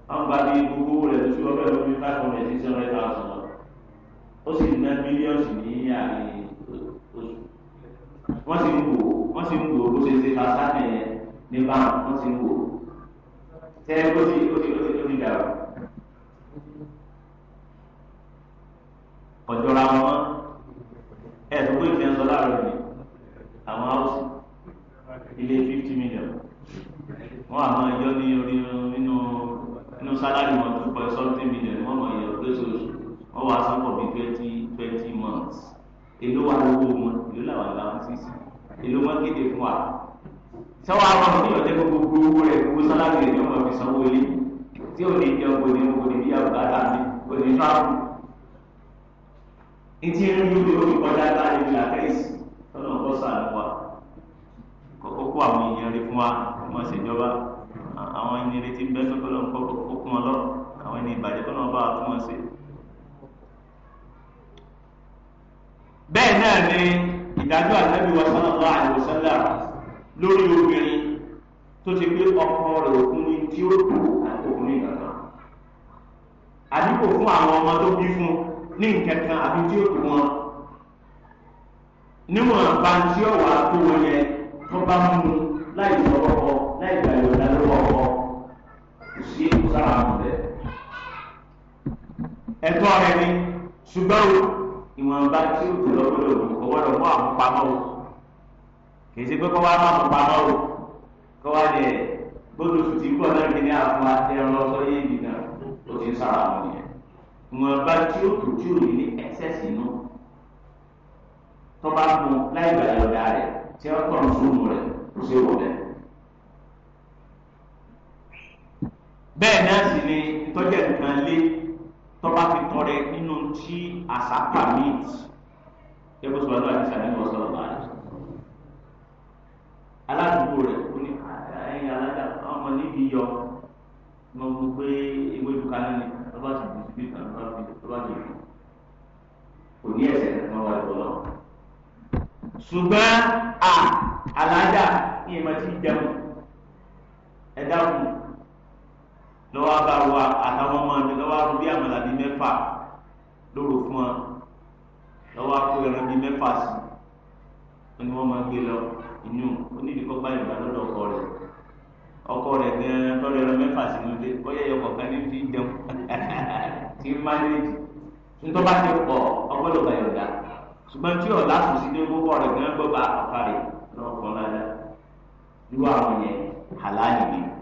wọ́n gba bí gbogbo rẹ̀ lóṣù ọbẹ̀ lórí five hundred six hundred thousand ó sì ná mílíọ̀nù ní àárín oṣù wọ́n sì ń wò wọ́n sì ń wò bó ṣe ṣe pàṣẹ yẹn ní báwọn wọ́n sì ń wò tẹ́ ó ti ó ti ó ti ó ti dàrú. ọ̀jọ̀ra wọn ẹ̀ tó gbé ìfẹ́ sọ láàárọ̀ ni àwọn haúsì ilé fifty million wọn àwọn ẹjọ́ ní orí nínú nínú sálárì wọn two point something million wọn mọ̀ ẹ̀yọ̀ lóṣooṣù wọn wà sanwó bíi twenty twenty months èló wa lówó wọn èló làwọn aláwọ̀sísì èló wọn kéde fún wa sọ́wọ́ àwọn ènìyàn jẹ́ gbogbo owó rẹ̀ gbogbo sálárì rẹ̀ ni wọ́n fi sanwó ilé tí ò ní jẹun kò ní kò ní bí àbùkátà mi kò ní fáwọn. etí ẹnu yóò lè fi kọjá láàyè ní àkẹ́yìsì tọ́nà kọ́ sàánú wa kọ́kọ́ kó àwọn èèyàn rí fún wa wọ́n ṣèjọba àwọn ẹni retí bẹ́ẹ̀ tó kọ́ lọ́n kọ́ kó kún ọ lọ àwọn ẹni ìbàjẹ́ kọ́ lọ́n bá wa tún bẹ́ẹ̀ náà ni ìdájọ́ ànábì wa sallallahu alaihi wasallam lórí obìnrin tó ti gbé ọkọ rẹ̀ ọkùnrin tí ó kù ọkùnrin kankan àdìpọ̀ fún àwọn ọmọ tó bí fún ní nǹkankan àbí tí ó kù wọn níwọ̀n bá tí ó wà tó wọn yẹ tó bá mú láì sọ̀rọ̀ kọ láì gbà yọ̀dá lọ́wọ́ kọ kò sí èkó àwọn bẹ́ẹ̀ ẹ̀tọ́ rẹ̀ ni ṣùgbọ́n o ìwọ̀nba tí ó kù lọ́gbọ́dọ̀ kò gbọ́dọ̀ mú àwọn pamọ́ o kì í ṣe pé kó wá máa mú pamọ́ o kó wá ní ẹ̀ gbọ́dọ̀ sì ti gbọ́ náà kí ní àwọn ẹran lọ́sọ yé ibi náà ó ti ń sára àwọn yẹn ìwọ̀nba tí ó kù tí ò ní ní ẹ̀sẹ̀sì inú tó bá láì gbà yọ̀dá rẹ̀ tí ó tọ̀ ń súnmù rẹ̀ kó ṣe wọ̀ bẹ́ẹ̀. bẹ́ẹ̀ náà sì ni tọ́jà nǹkan lé tọ́ba fi tọrẹ nínú tí àṣà permit ẹgbẹ́ sọ̀rọ̀ náà àdìsá nínú ọ̀sán ọ̀la rẹ̀ aládùúgbò rẹ̀ ó ní ẹ̀yìn alájà ọmọ níbi yọ mo mú pé ewé ìlú kan ní lọ́ba ti bù síbí kan lọ́ba ti lọ́ba ti bù kò ní ẹ̀sẹ̀ wọn wà lọ́wọ́ ṣùgbọ́n a alájà ní ìmọ̀ tí ì jẹun ẹ̀dá kù. lọ́wọ́ bá wa àtàwọn ọmọ mi lọ́wọ́ arú àmàlà bíi mẹ́fà lóru fún wa lọ́wọ́ akó ẹran bíi sí ni máa gbé lọ inú onídìíkọ́ bá ìgbà lọ́dọ̀ ọkọ rẹ̀ ọkọ rẹ̀ gan-an ẹran sí ló dé ní fi jẹun ti ti pọ̀ ọgbọ́dọ̀ bá yọ̀dá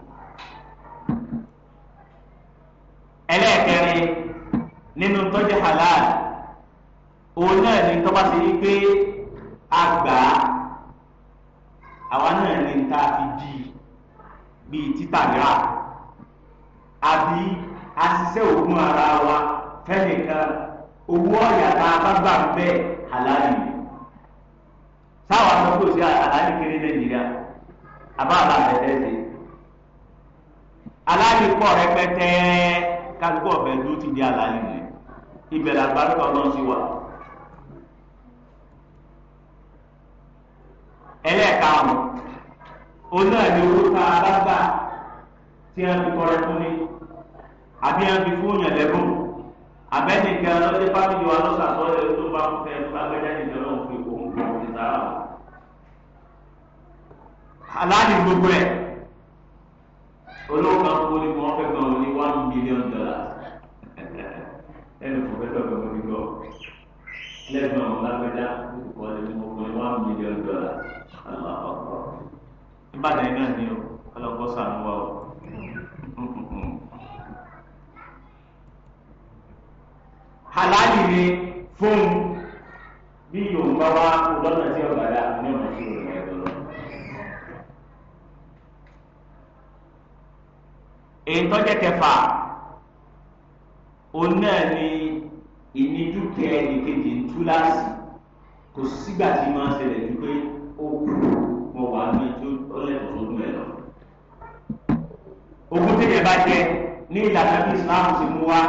ẹlẹ́ẹ̀kẹrin nínú tọ́jú halal òun náà ni tọ́ba ṣe yí pé a gbà á àwa náà ní ta fi jí bíi títà rírà àbí aṣiṣẹ́ òògùn ara wa fẹ́nìkan owó ọ̀yà tá a bá gbà ń halal yìí sáwọn àtọ́kù sí halal kiri nàìjíríà àbá àbá àbẹ̀tẹ̀ sí halal pọ̀ kálukú ọ̀fẹ́ dúró ti di àlàyé rẹ̀ ìbẹ̀rẹ̀ àgbàdùkọ̀ ọlọ́run sí wa. ẹlẹ́ẹ̀karùn-ún òun náà ni owó tá a bá gbà tí a fi kọrẹ fún ni àbí a fi fún yàn lẹ́bùn àbẹ́nìkan lọ́dẹ́ fámìlì wa lọ́sàtọ́lẹ̀ tó bá fún fẹ́ẹ́ fún agbẹ́jà nìkan lọ́hùn fún ìkóhùn fún ìtara. aláàlì gbogbo ẹ̀. dọ́là ẹnu pòfẹ́sọ̀ kan mo ti gbọ́ lẹ́gbọ̀n àwọn lágbẹ́dá olùkọ́ ni mo fún ní one million dollar àwọn àkọ́kọ́ ìbàdàn iná ni o ọlọ́kọ́ sànú wa o. halali ni fún bí yorùbá wa lọ́nà tí ọ̀gá dá ní ọ̀nà tí yorùbá yẹn lọ. èyí tó jẹ́ kẹfà òun náà ni ìnídùkẹ́ ẹnìkejì ń tú láti kò sígbà tí máa ṣẹlẹ̀ ju pé ó mo wà ní ọlẹ́tọ̀ọ́ lọ́dún ẹ̀ lọ. ogún tí yẹn bá jẹ ní ìlànà bí Islam ti mú wa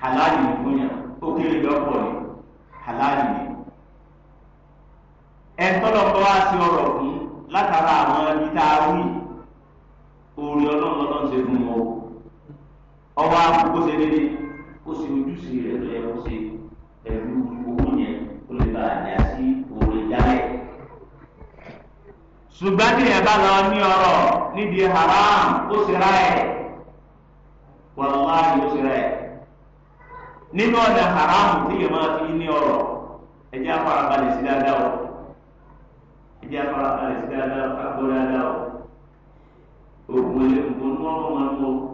halali ni fún yàn ó kéré lọ́pọ̀ ni halali ni. ẹ̀ tọ́lọ́pọ̀ wá sí ọ̀rọ̀ fún látara àwọn ẹbí tá a wí orí ọlọ́run lọ́dún ṣe fún wọn ọwọ́ àbúkó ṣe déédéé kó ṣe ojúṣe rẹ̀ tó yẹ kó ṣe pẹ̀lú owó yẹn kó lè bá àjà sí òwe jálẹ̀. ṣùgbọ́n tí ẹ bá lọ ní ọ̀rọ̀ nídìí haram ó ṣe ra ẹ̀ wàlúwàá yóò ṣe ra ẹ̀ nínú ọ̀nà haram tí yẹ máa fi ní ọ̀rọ̀ ẹ jẹ́ afárabalẹ̀ sí dáadáa o ẹ jẹ́ afárabalẹ̀ sí dáadáa o kágbó dáadáa o òògùn ẹlẹ́gùn tó ń wọ́n mọ́ wọn mọ́ o.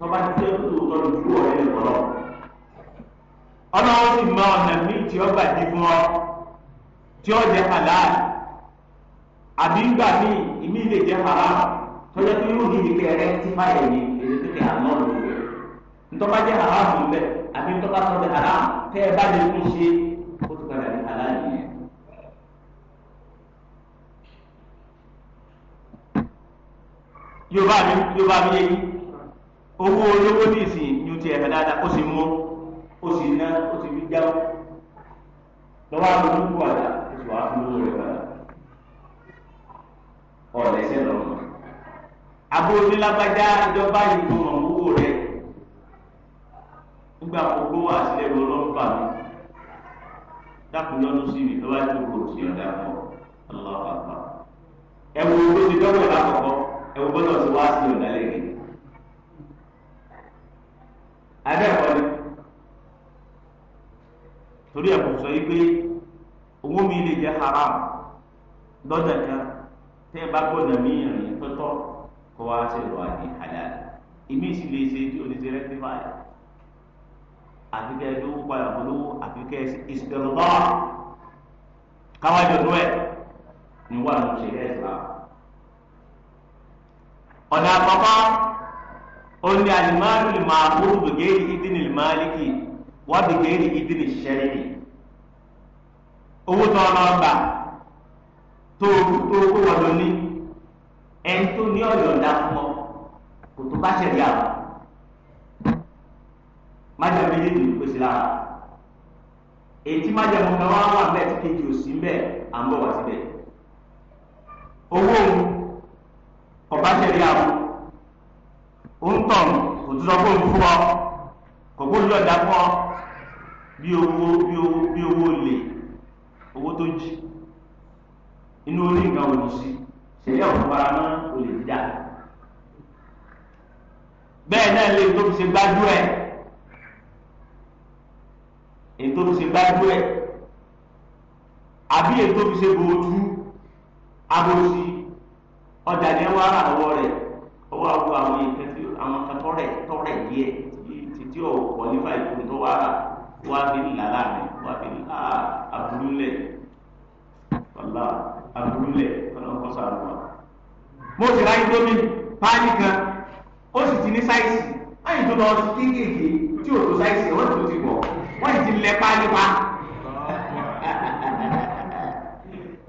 tọ́ba ti tẹ́ kó tó tọ́lu ju ọ̀rẹ́ rẹ̀ kọ́ lọ. ọlọ́run sì mọ ọ̀nà míì tí ó gbà dí fún ọ tí ó jẹ́ halal àbí ńgbà míì ìmí lè jẹ́ haram tọ́jọ́ tó yóò yìí kẹ́ ẹ̀rẹ́ tí má yẹ̀ ní èdè tó kẹ́ àná lò wẹ̀. ntọ́ba jẹ́ haram ló bẹ̀ àbí ntọ́ba sọ bẹ́ haram tẹ́ ẹ bá lè fi ṣe ó tó padà ní halal yẹn. yorùbá mi yorùbá mi yé yìí owó olówó ní ìsìn ní o ti ẹ̀ka dáadáa ó sì mú ó sì ná ó sì fi jáwó lọ́wọ́ àwọn olùkọ́ àdá oṣù àfúnwó rẹ̀ padà ọ̀lẹ́sẹ̀ lọ. àbúrò nílágbájá ìjọba yìí tó mọ̀ owó rẹ̀ nígbà gbogbo wà sílẹ̀ lọ́lọ́run bà mí dákúnyọ́nù sí mi lọ́wọ́ àti òkúrò sí ọ̀dà fún ọlọ́pàá. ẹ̀wù olóṣèlú ọ̀gbọ̀n lákọ̀ọ́kọ́ ẹ̀wù bọ́lọ̀ sí wá sí ọ̀dà lẹ́yìn. abẹ́ẹ̀kọ́ ni torí ẹ̀kọ́ sọ yìí pé owó mi lè jẹ́ haram lọ́jà kan tẹ́ ẹ bá gbọ́dọ̀ mí ìrìn tọ́tọ́ kó wá ṣe àti èmi sì lè ṣe tí àfi kẹ́ ẹ lówó padà lówó àfi kẹ́ onye alimáàlú lè máa kúrú bìgẹ́rì ìdínì màálìkì wá bìgẹ́rì ìdínì ṣẹ́rìnì owó tó ọmọ ọgbà tó tó kó wọn lóní ẹni tó ní ọ̀yọ̀dá fún ọ kò tó bá ṣẹ̀dí àwọn májèmú méjèèjì ló pèsè lára èyí tí májèmú kan wá wà bẹ́ẹ̀ òǹtọ̀n òtútọ́ kó ń fún ọ kò gbóòlù ọ̀dà fún ọ bí owó bí owó bí owó lè owó tó jì inú orí nǹkan wò ló sí ṣẹlẹ̀ ọ̀fọ̀ ara mọ́ olè dídá bẹ́ẹ̀ náà lè tó fi ṣe gbájú ẹ̀ ètò fi ṣe gbájú ẹ̀ àbí ètò fi ṣe bòójú abòsí ọjà ní wàhálà lọ́wọ́ rẹ̀ ó wá wo àwọn ìfẹ́ tí àwọn kan tọrẹ tọrẹ díẹ̀ títí ò kọlífà ìfún tó wá wá fi ń là láàrin wá fi ń ah, là wàlá àbúrú lẹ̀ kọ́sà àrùn mo sì ra indomie páálí kan ó sì ti ní sáìsì láyìn tó lọ sí kéékèèké tí ò tó sáìsì wọ́n ti ti bọ̀ wọ́n ti lẹ páálí pa.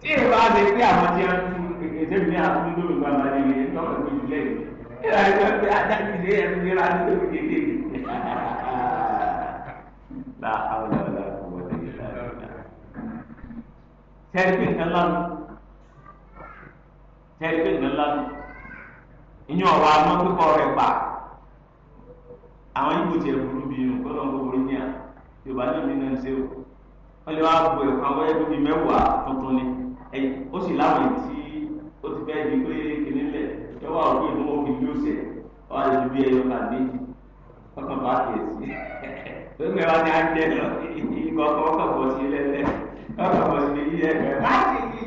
tí èèyàn bá ṣe pé àwọn ti ń ṣe ìṣèlú ní àtúntò ìgbà máa ń yẹ kí yìí ìlà ìjọ pé adájú ilé ẹ̀rú ní ra ní tóbi dédé mi. Sẹ́ẹ̀kì nǹkan lánàá. Sẹ́ẹ̀kì nǹkan lánàá. Ìyẹn ọ̀rọ̀ àmọ́ kíkọ́ rẹ̀ pa. Àwọn ibò tiẹ̀ burú bí inú kọ́lọ́ ń gbogbo ní à. Yorùbá ní mi náà ń ṣe o. Wọ́n lè wá bu ẹ̀kọ́ àwọn ẹgbẹ́ bíi mẹ́wàá tuntun ni. Ó sì láwọn èyí tí ó ti fẹ́ di pé kìnìún ó wà òkú ìdúró fi bí ó ṣe ó wà lójú bí ẹyọ kan méjì ọkàn bá kèésì tó ń gbẹ̀wá ní àjẹ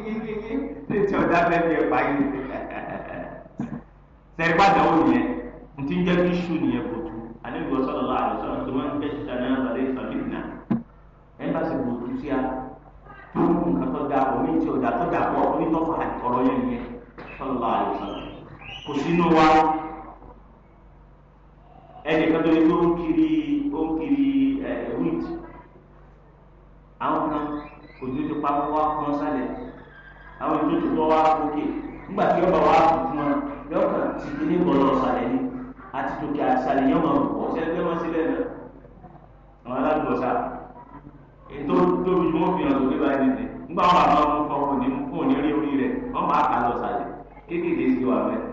ihe ti ọ̀dà bẹ́ẹ̀ bí ẹ pa yín sẹ́rí bá dáwọ́ yẹn ntí ń jẹ́ kí ṣù nìyẹn kò tú àlejò ọ̀sán lọ́la àlejò ọ̀sán tó máa ń na ṣiṣẹ́ náà lọ́lẹ́ ìfàmìlìnà ẹ̀ kò sínú wa ẹnìkan tó lè tó ń kiri ó ń kiri ẹ àwọn kan kò ní tó pamọ́ wá kọ́ sálẹ̀ àwọn ètò tó tọ́ wá òkè nígbà tí ọba wa kù fún wọn lọ́kàn ti fi ní bọ̀lọ̀ sálẹ̀ ni àti tòkè àti yẹn wọn kọ́ sẹ́ni pé wọ́n sílẹ̀ náà àwọn aládùúgbò sá ètò tóbi fi hàn lórí báyìí nígbà wọn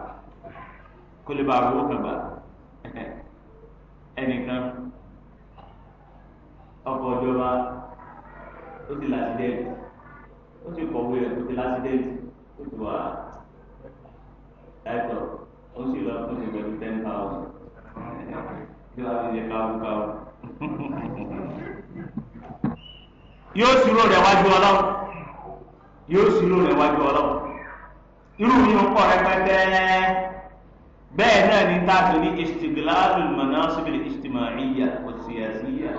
kó lè bá owó kan gbà ẹnìkan ọkọ̀ ọjọba ó ti lásìdẹ́ẹ̀tì ó ti kọ̀wé rẹ̀ ó ti lásìdẹ́ẹ̀tì ó ti wà láìpẹ́ ó sì lọ ó sì gbẹ̀rù ten thousand tí wàá fi yẹ káwó yóò ṣírò rẹ̀ wájú ọlọ́run yóò ṣírò rẹ̀ wájú ọlọ́run irú mi ń kọ́ rẹpẹtẹ bẹ́ẹ̀ náà ní táàpì ní istidlalul manasib al-ijtima'iyya wa siyasiyya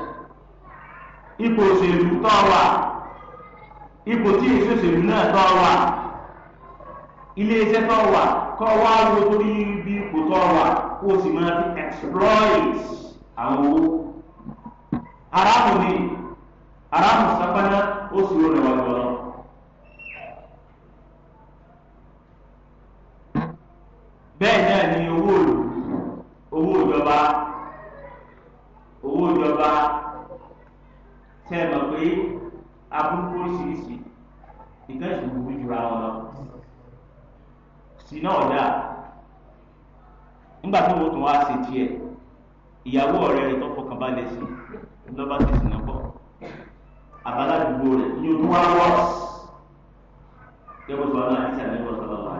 ipò òṣèlú tó wà ipò tí ìṣòṣèlú náà tó wà iléeṣẹ́ tó wà kọ́ wá wo torí bí ipò tó kó o sì máa fi exploit àwọn owó arákùnrin arákùnrin sápáná ó sì rọrùn wájú ọlọ́run. ni owó owó ìjọba owó ìjọba tẹ́ ẹ mọ̀ pé aburú oríṣiríṣi nǹkan ìṣòro burú jura wọn lọ sí náà ọ̀dà nígbà tó wọ́n tún wá ṣe tiẹ̀ ìyàwó ọ̀rẹ́ rẹ̀ tó fọkàn sí ti sìn náà ní ojú wa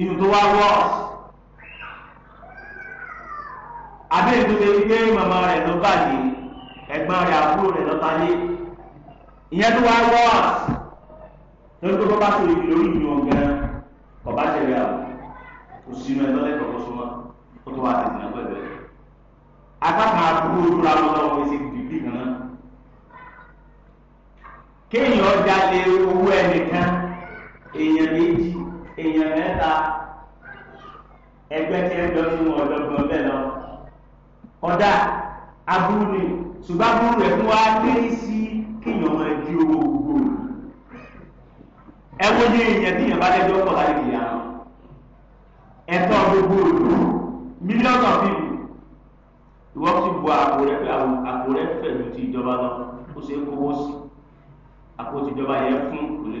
ìyún tó wá wọ́ọ̀sì àbí ìdúró wípé màmá rẹ̀ ló bàjẹ́ ẹ̀gbọ́n rẹ̀ àbúrò rẹ̀ lọ́ta lé ìyẹn tó wá wọ́ọ̀sì lórí tó bá sọ ibi lórí ìyún ọ̀gán ọba tẹ̀lé àwọn kò sínú ẹ̀ lọ́lẹ́ kọ̀ọ̀kan súnmọ́ kó tó wá tẹ̀lé náà pẹ̀lú ẹ̀ agbáka àbúrò ìdúró àwọn ọlọ́wọ́ ẹ̀sìn bìbí kan kéèyàn ọjà owó ẹnìkan èèyàn méjì èèyàn mẹ́ta ẹgbẹ́ tí ẹ jọ sí wọn ọ̀dọ́gbọ̀n bẹ́ẹ̀ lọ kọ́dà aburú ni ṣùgbọ́n aburú rẹ̀ fún wa dé sí kéèyàn máa di owó gbogbo ẹ wọ́n ní èèyàn tí èèyàn bá lẹ́jọ́ pọ̀ láyé ìyá wọn ẹ̀tọ́ gbogbo òdu mílíọ̀nù bíbí ìwọ́ ti bu àpò rẹ̀ pé àpò rẹ̀ fẹ̀ ju ti ìjọba lọ ó ṣe é kówó sí àpò tìjọba yẹn fún kò lè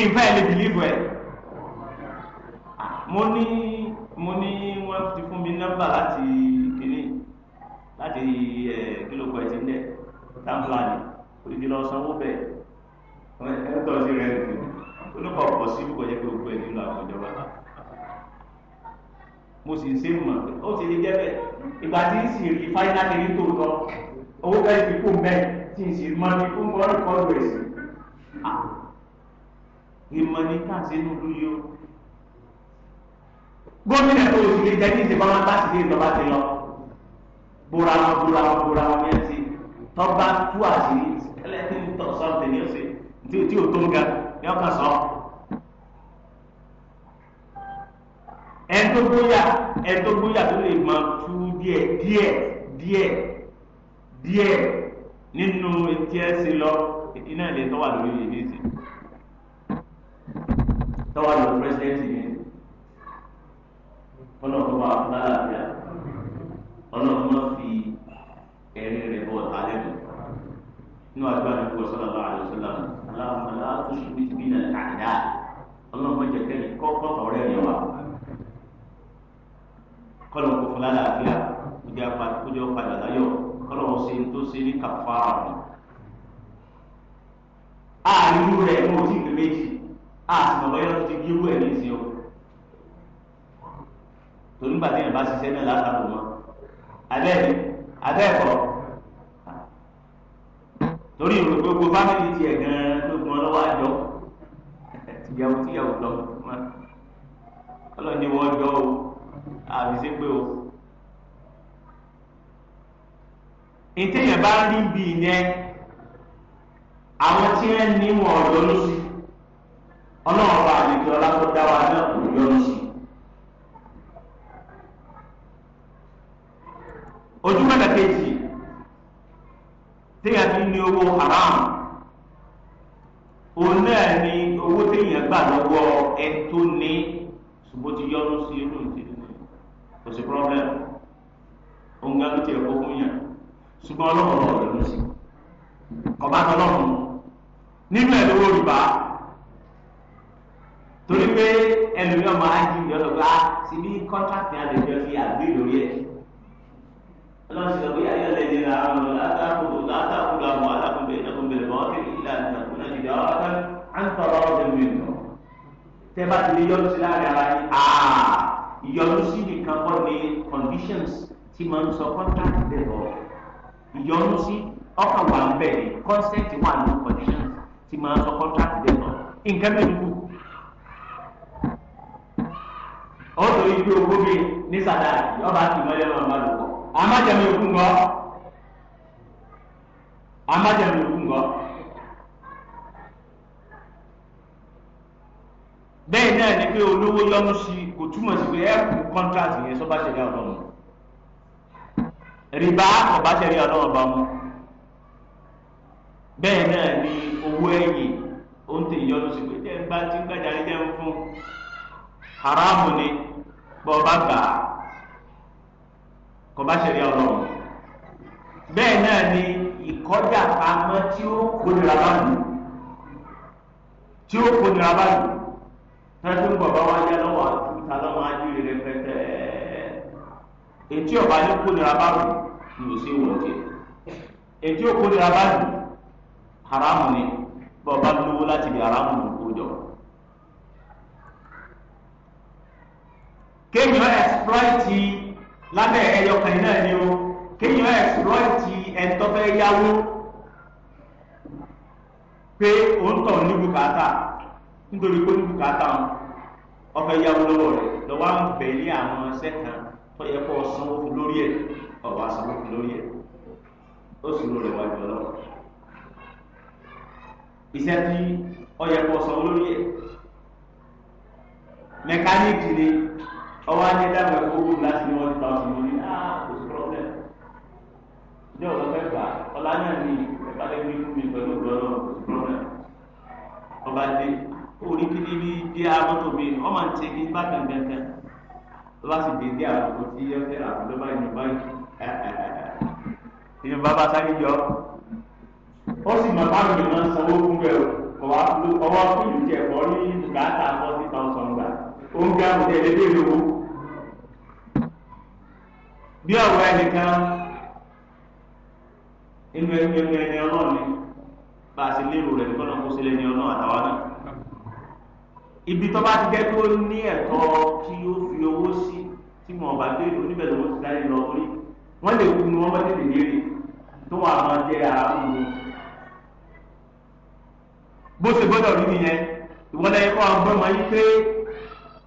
ìfẹ́ lè bìlíìfù ẹ̀ mo ní mo ní wọ́n ti fún mi nọ́mbà láti kínní láti ẹ̀ eh, kílókù ẹ̀ ti ń dẹ̀ táǹpìlánì òdìdí lọ sanwó bẹ́ẹ̀ ẹ̀ tọ́ sí rẹ̀ nìkan olùkọ́ ọ̀pọ̀ sí gbogbo ẹ̀ àwọn ìjọba mo sì ń ṣe mọ̀ ó ti lè jẹ́ bẹ́ẹ̀ ìgbà tí ń sì rí ti kú mẹ́ẹ̀ tí ń sì ìmọ̀ ní káàsì inú ìlú yìí o gómìnà tó o sì lè jẹ ní ìṣèpá wọn bá sì lè lọ bá ti lọ bóra wọn bóra wọn bóra wọn yẹn ti tọ́gbà tú àṣírí ẹlẹ́tìn tọ̀ sọ́ọ̀tì ní ọ̀sẹ̀ tí o tó ń ga ní ọkà sọ. ẹ̀ẹ́dógóyà ẹ̀ẹ́dógóyà tó lè mọ tú díẹ̀ díẹ̀ díẹ̀ díẹ̀ nínú etí ẹ̀ lọ iná ilé wà lórí ìdí tọ́wọ́ ní pírẹsidẹ́ntì yẹn ọlọ́run bá fún àlàáfíà ọlọ́run má fi ẹ̀rín rẹ̀ bọ̀ tálẹ̀ mọ́ inú àjọ àdúgbò sọlá bá àlọ́ sọlá mọ́ aláwọ̀ aláwọ̀ oṣù bíi bíi náà àdá ọlọ́run má jẹ kẹ́lẹ́ kọ́kọ́ tọ̀rẹ́ rẹ̀ wá kọ́lọ̀ kò fún àlàáfíà kójọ́ padà láyọ̀ kọ́lọ̀ wọn ṣe ń tó ṣe ní kàfáà rẹ̀ àìrú rẹ̀ mọ́ tí ìgbẹ́ méjì a sì mọ̀ lọ́yọ́ tó ti bí irú ẹ̀ ní ìsìn o torí gbàtí yẹn bá ṣiṣẹ́ náà látàkùn mọ́ abẹ́ẹ̀ni abẹ́ẹ̀kọ́ torí ìrò gbogbo fámìlì tiẹ̀ gan-an tó gun ọlọ́wọ́ àjọ tìyàwó tìyàwó lọ ọlọ́ọ̀ni wọ́n jọ o àbí sépè o. ìtẹ̀yẹ̀ bá rí bí ìyẹn àwọn tí wọ́n ní wọn ọ̀dọ́ ló sì ọlọ́run bá àlejò ọlọ́kọ̀ dá wa náà kò yọrù sí. ojú mẹ́ta kejì téèyàn ti ní owó haram òun náà ni owó téèyàn gbà lọ́wọ́ ẹ tó ní ṣùgbọ́n ti yọrù sí inú ìdílé kò sí problem òun gbà ló tiẹ̀ kó fún yàn ṣùgbọ́n ọlọ́run ọ̀rọ̀ ló ọba tọ́lọ́run nínú ẹ̀ lówó rìbá torí pé ẹlòmíì ọmọ ajé ìjọba ah, gba sí bí kọ́ńtàkì àlejò fi àgbé lórí ẹ̀ ọlọ́run sì sọ pé ayé ọ̀lẹ́dẹ̀ rà ọ̀run látàkùn látàkùn àwọn alákùnbẹ̀ ìdàkùnbẹ̀rẹ̀ mọ́ kí ìlà ìdàkùnà ìdá ọ̀rọ̀ à ń tọrọ ọ̀rọ̀ mi nù. tẹ́ bá ti lè yọnu sí láàrin ara yín aa ìyọnu sí nìkan kọ́ ni conditions ti máa ń sọ contract bẹ̀ lọ ìyọnu sí ọkà wà ń bẹ̀ ni consent wà ní conditions ti máa ń sọ contract bẹ̀ lọ nǹkan mẹ́rin kù ọdọ ikpe owó mi ní sadaki ọba ti mọ ẹlẹmọ ọba ngọ amájẹmí òkú ngọ bẹ́ẹ̀ náà ni pé olówó yọnu sí kò túmọ̀ sí pé ẹ̀kú kọ́ńtrátì yẹn sọ́ba ṣẹlẹ̀ ọlọ́run rìbá ọba ihe ọlọ́run bá mu bẹ́ẹ̀ náà ni owó ó ń sí pé jẹ́ ń bá ń jẹun fún un. haramu ni bọ́ọ̀bá gbà á kọ́ bá ṣẹlẹ̀ ọlọ́run bẹ́ẹ̀ náà ni ìkọ́jà pamọ́ tí ó kónira báyìí tí ó kónira báyìí tẹ́tù ń bọ̀bá wá yá lọ́wọ́ àtúntà lọ́wọ́ ájúwe rẹpẹtẹ ètí ọ̀bá ní kónira báyìí ni ò sí ó kónira báyìí haramu ni bọ́ọ̀bá lówó láti di haramu ní kó jọ. kéèyàn ẹ̀sìpọ́ìtì lábẹ́ ẹyọkàn náà ni o kéèyàn ẹ̀sìpọ́ìtì ẹ̀ńtọ́fẹ́ yáwó pé òǹtọ̀ ní bùkátà nítorí pé ní o ọ̀fẹ́ yáwó lọ́wọ́ rẹ̀ lọ́wọ́ à bẹ̀ ní àwọn ẹsẹ̀ kan tó yẹ kó sanwó fún lórí ẹ̀ ọ̀wá sanwó fún lórí ẹ̀ ó sì lò rẹ̀ wájú ọwọ́ ajé dábọ̀ ẹ̀kọ́ owó láti ní one thousand ní ah kò sí problem ní ọ̀rọ̀ fẹ́ gbà ọ̀la náà ní ẹ̀ka lè ní mi pẹ̀lú ọ̀rọ̀ kò sí problem ọba dé orí kíkí bí dé amọ́tò mi ni wọ́n máa ń ṣe kí bá tẹ̀ǹtẹ̀ǹtẹ̀ tó bá sì dé dé àbùkù tí yẹ fẹ́ àbúrò bá yìí báyìí ìyẹn bàbá sáré yọ ó sì mọ̀ báwo ni wọ́n sanwó fún bẹ́ẹ̀ ọwọ́ fún ìlú jẹ̀ oúnjẹ àmọ̀tẹ́ lédè lówó bí ọ̀wọ́ ẹnìkan inú ẹni ẹni ẹni ọlọ́ọ̀ni bá a sì lérò rẹ̀ nípa náà kó sílẹ̀ ẹni àtàwọn náà ibi tó bá ti ní ẹ̀tọ́ kí ó fi owó sí tí mo bá dé ti dáyé lọ orí lè ni bá tètè léèrè tó wà máa jẹ́ àárọ̀ wọn bó ṣe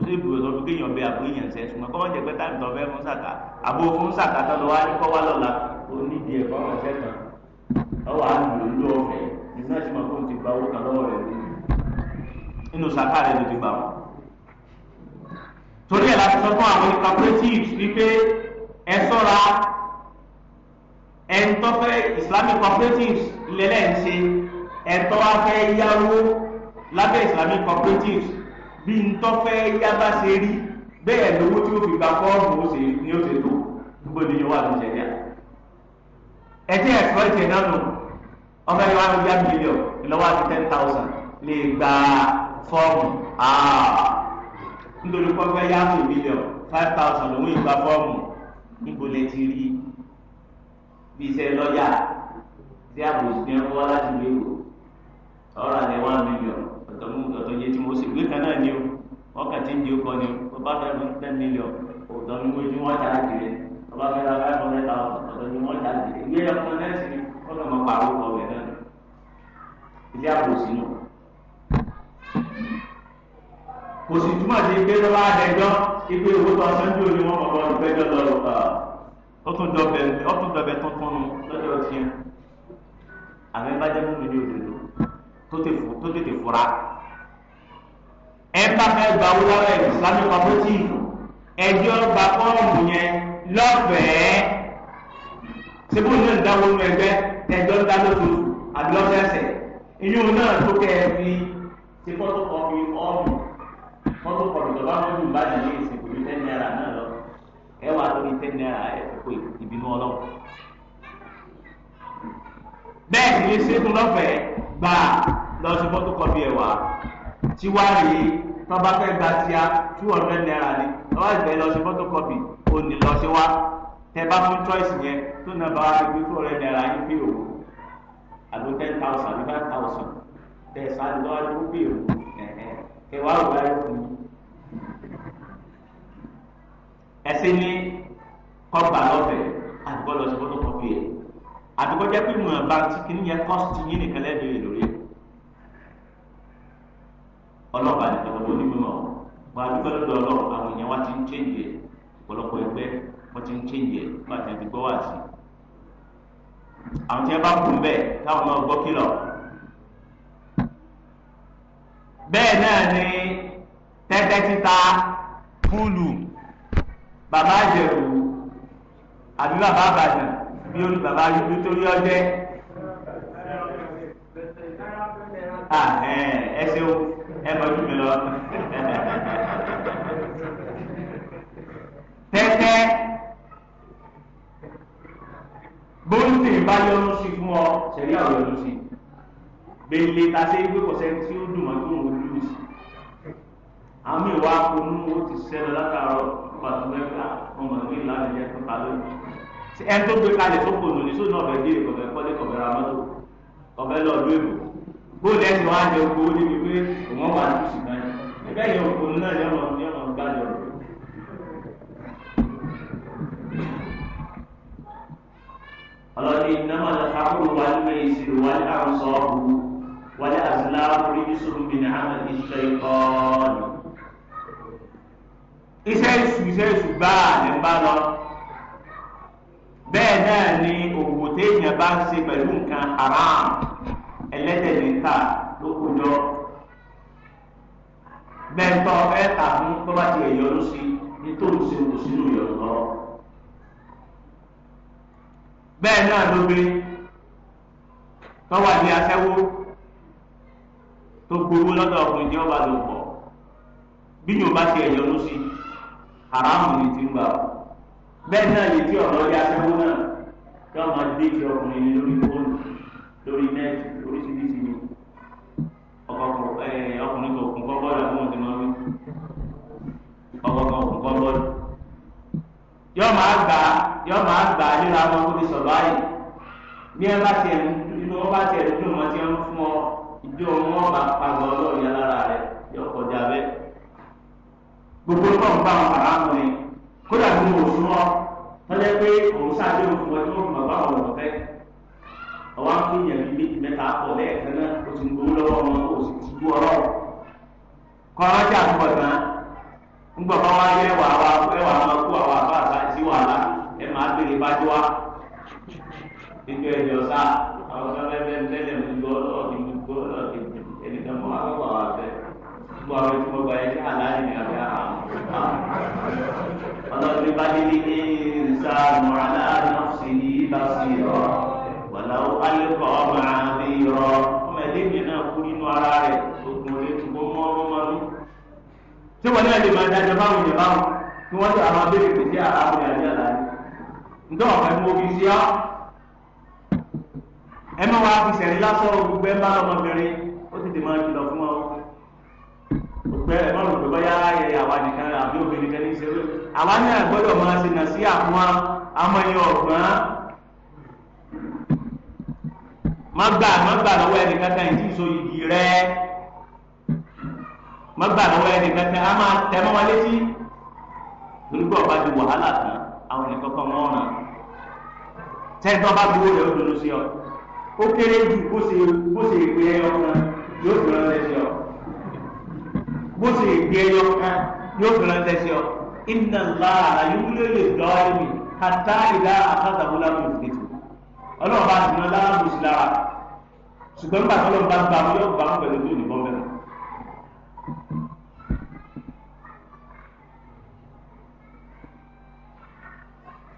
kò sí ìbùdó sọ fún kéèyàn bẹ àbó èèyàn sẹ ṣùgbọ́n kọ́ máa jẹ pé táàmì tó fẹ́ fún sàkà àbó fún sàkà tó lọ wá ní kọ́ wá lọ́la onídìí ẹ̀ fọ́n ọ̀sẹ̀ kan ọwọ́ àlùlò ló ọ̀fẹ́ nínú ẹ̀sìn máa fóun ti gba owó kan lọ́wọ́ rẹ̀ lónìí nínú sàkà rẹ̀ ló ti gbà wọ́n. torí ẹ̀ láti sọ fún àwọn cooperatives wípé ẹ sọ́ra ẹ̀ ń tọ́fẹ́ Islamic cooperatives lẹ́lẹ́ ń ṣe ẹ̀ tọ́ fẹ́ yáwó lábẹ́ Islamic cooperatives bí ntọ́fẹ́ yá bá ṣe rí bẹ́ẹ̀ lówó tí ó fi gba fọ́ọ̀mù ó ṣe ni ó ṣe lò gbogbo ni yóò wà ní ìṣẹ̀lẹ̀ ẹ ti ẹ̀kọ́ ìṣẹ̀ náà nù ọmọ ẹ̀yọ́ wọn yá mílíọ̀n ìlọ́wọ́ àti ten thousand lè gba fọ́ọ̀mù nítorí pọ́ńpẹ́ yá fún mílíọ̀n five thousand lòún ìgbà fọ́ọ̀mù níbo lè ti rí bí iṣẹ́ lọ́yà tí àbòsí ní ọwọ́ láti lè wò ọ̀rọ̀ àlẹ́ one million pẹ̀lú nǹkan yé tí mo sì gbé kan náà ni o ọkàn ń di ọkọ ni o tó bá fẹ́ fún ten million ọ̀dọ́ ni mo ju wọ́n ṣáàjì rẹ̀ tó bá fẹ́ ra five hundred thousand ọ̀dọ́ ni wọ́n ṣáàjì rẹ̀ ìgbé ọkọ náà sì ni ó lọ́ mọ pàrọ̀ ọkọ rẹ̀ náà ilé àbò sínú. kò sì túmọ̀ sí pé tó bá dẹjọ́ ipe owó tó aṣáájú ni wọ́n mọ̀ bọ́ọ̀lù fẹ́jọ́ lọ ọtún dọbẹ tuntun nu lọ́jọ́ tiẹ̀ àmì mú mi ní òdodo tó tètè fura ẹ̀ka fẹ́ gba owó lọ́wọ́ islamic property ẹjọ́ gba fọ́ọ̀mù yẹn lọ́fẹ̀ẹ́ síbú ní ìdáwó inú ẹgbẹ́ ẹjọ́ ń dá lóṣù àdúlọ́sẹ̀sẹ̀ inú náà tó kẹ́ ẹ fi ṣe fọ́tò kọ́pì ọ̀mù fọ́tò kọ́pì tó bá ń lóyún ìbàdàn ní ìsìnkú ní ten naira náà lọ ẹ wà lórí ten naira ẹ kó ìbínú ọlọ́wọ́ bẹ́ẹ̀ sì ni ṣé tó lọ́fẹ̀ẹ́ gbà lọ sí fọ́tò kọ́pì ẹ̀ wá tí wá rèé tó bá fẹ́ gba tíá two hundred naira ni tó bá ìfẹ́ lọ ṣe photocopy ò ní lọ ṣe wá tẹ bá fún choice yẹn tó náà bá wá gbé two hundred naira yín pé o àló ten thousand àbí five thousand tẹ sáájú lọ́wọ́ ló pé o kẹwàá ò wáyé fún mi. ẹsẹ ní kọgbà lọ́fẹ̀ẹ́ àdúgbò lọ ṣe photocopy yẹn àdúgbò jẹ́ pé mo bá tí kìnìyẹn cost yín nìkan lẹ́ẹ̀dẹ̀ẹ́ lórí ẹ̀. ọlọ́ọ̀bà nìkan ló ní mímọ́ wọn àdúgbò lọ́dọ̀ ọlọ́ọ̀ àwọn èèyàn ti ń ti ń àti sí. àwọn tí bá kú táwọn náà náà ni títa bàbá àbí bàbá àbàdàn bí olú bàbá ah, ẹ ẹ mọ̀ jù mí lọ. tẹ́tẹ́ bóńtì bá yọnu sí fún ọ sẹ̀rí àwọn yọnu sí gbèlè tàṣe ìgbé kọ̀ṣẹ́ tí ó dùn mọ́ tó ń wọlé lù sí. àmì ìwà akọni ó ti sẹ́nu látàárọ̀ pàtó mẹ́fà ọmọ ìwé ìlànà ìjẹ́ tó ta lónìí ẹni tó gbé kalẹ̀ tó kò lónìí sóun náà bẹ̀ dé ìkọ̀bẹ̀ kọ́lé kọ̀bẹ̀ ra kọ̀bẹ̀ lọ́ọ̀dún èbò. bóòlù ẹsẹ̀ wá jẹ oko ó pé òun wà ní oṣù báyìí ẹgbẹ́ yẹn oko náà yọ lọ yọ lọ gbá yọ lọ. ọlọ́dún ìnáwó àtàkùn wà ìṣirò wà ní àrùn sọ́ọ̀bù wà ní àṣìlá orí so sọ́ọ̀bù ní àmàlẹ́ ìṣẹ́ ìkọ́ọ̀nù. iṣẹ́ ìṣù iṣẹ́ ìṣù gbáà ní bá lọ bẹ́ẹ̀ náà ni òwò téèyàn bá ń ṣe pẹ̀lú nǹkan haram. ẹlẹ́dẹ̀ ní ká ló kó jọ bẹ́ẹ̀ntọ́ ẹ kà fún tó bá ti ẹ̀yọ́nú sí ní tó ń ṣe kò sínú ìyọ̀nù lọ. bẹ́ẹ̀ náà ló gbé tọ́wọ́ àbí aṣẹ́wó tó gbowó lọ́dọ̀ ọkùnrin tí wọ́n bá lò pọ̀ bí yóò bá ti ẹ̀yọ́nú sí haramu ni ti ń gbà bẹ́ẹ̀ náà lè tí ọ̀rọ̀ yá aṣẹ́wó náà kí wọ́n máa dé ti ọkùnrin lórí fóònù lórí nẹ́ẹ̀tì oríṣiríṣi ni ọkùnrin kò kún kọ́ bọ́ọ̀lù àbúrò ti máa wí ọkùnrin kò kún kọ́ bọ́ọ̀lù. yọ máa gbà yọ máa gbà léra wọn kó fi sọ̀rọ̀ ayé bí ẹ bá tiẹ̀ inú wọn bá tiẹ̀ dúró wọn ti ń fún ọ ìdí òun wọn bá pàgọ́ ọlọ́run yẹn lára rẹ yọ kọjá bẹ́ẹ̀. gbogbo náà ń bá wọn fara mọ́ ni kódà bí mo sún ọ tọ́lẹ́ pé òun sáà dé òfin tí wọ́n fi mọ̀ wọn lọ fẹ́ àwọn akéèyàn méjì mẹ́ta pọ̀ lẹ́ẹ̀kan náà o sì ń gbowó lọ́wọ́ o sì ti gbó ọlọ́run kọ́ ọ́n jà ń bọ̀ tán ń gbọ̀ bá wá yẹ wà wá ẹ wà máa kó àwọn àbá àbá sí wàhálà ẹ máa béèrè e bájú wa ìjọ ìjọ sá àwọn ọ̀gá lẹ́lẹ̀ lẹ́lẹ̀ ń gbọ́ ọlọ́ọ̀dì ń gbọ́ ọlọ́ọ̀dì ẹnìkan mọ́ akọ́kọ́ àwọn àbẹ́ gbọ́ àwọn tí mo gbà yẹ sí àlàyé ni àbẹ́ àwọn ọlọ́ọ̀dì bá dé ní ní sáà mọ́ra náà. tí wọn náà lè máa dájọ báwọn yẹn báwọn tí wọn sọ àwọn abẹ́rẹ́ pèsè àwọn àbí àlá ntọ́ ọ̀fẹ́ mú omi sí ọ́ ẹ má wá fi sẹ̀rí gbogbo ẹ bá ó ti dè máa jùlọ fún ọ gbogbo ẹ má lòdì bá yá ẹ àwa nìkan àbí obìnrin kan ní àwa máa ṣe nà sí àwọn amọ̀yẹ ọ̀gbọ́n má gbà má gbà má gbà lọ́wọ́ ẹni kankan a máa tẹ mọ́ wọn létí torí pé ọba di wàhálà tán àwọn nìkan kan wọ́n ràn tẹ́tọ́ bá gbowó rẹ̀ ó dunu sí ọ ó kéré ju bó ṣe bó ṣe gbé ẹyọ kan yóò fi ránṣẹ́ sí ọ bó ṣe gbé ẹyọ kan yóò fi ránṣẹ́ sí ọ iná láàrá yóò lè dọ́ ẹ̀mí kàtá ìdá àkàtàbọ̀lá mi òfin tó ọlọ́run bá ti ná lára bó ṣe lára ṣùgbọ́n nígbà tó lọ́n bá gbà mú yóò gbà mú pẹ̀lú tó nìbọn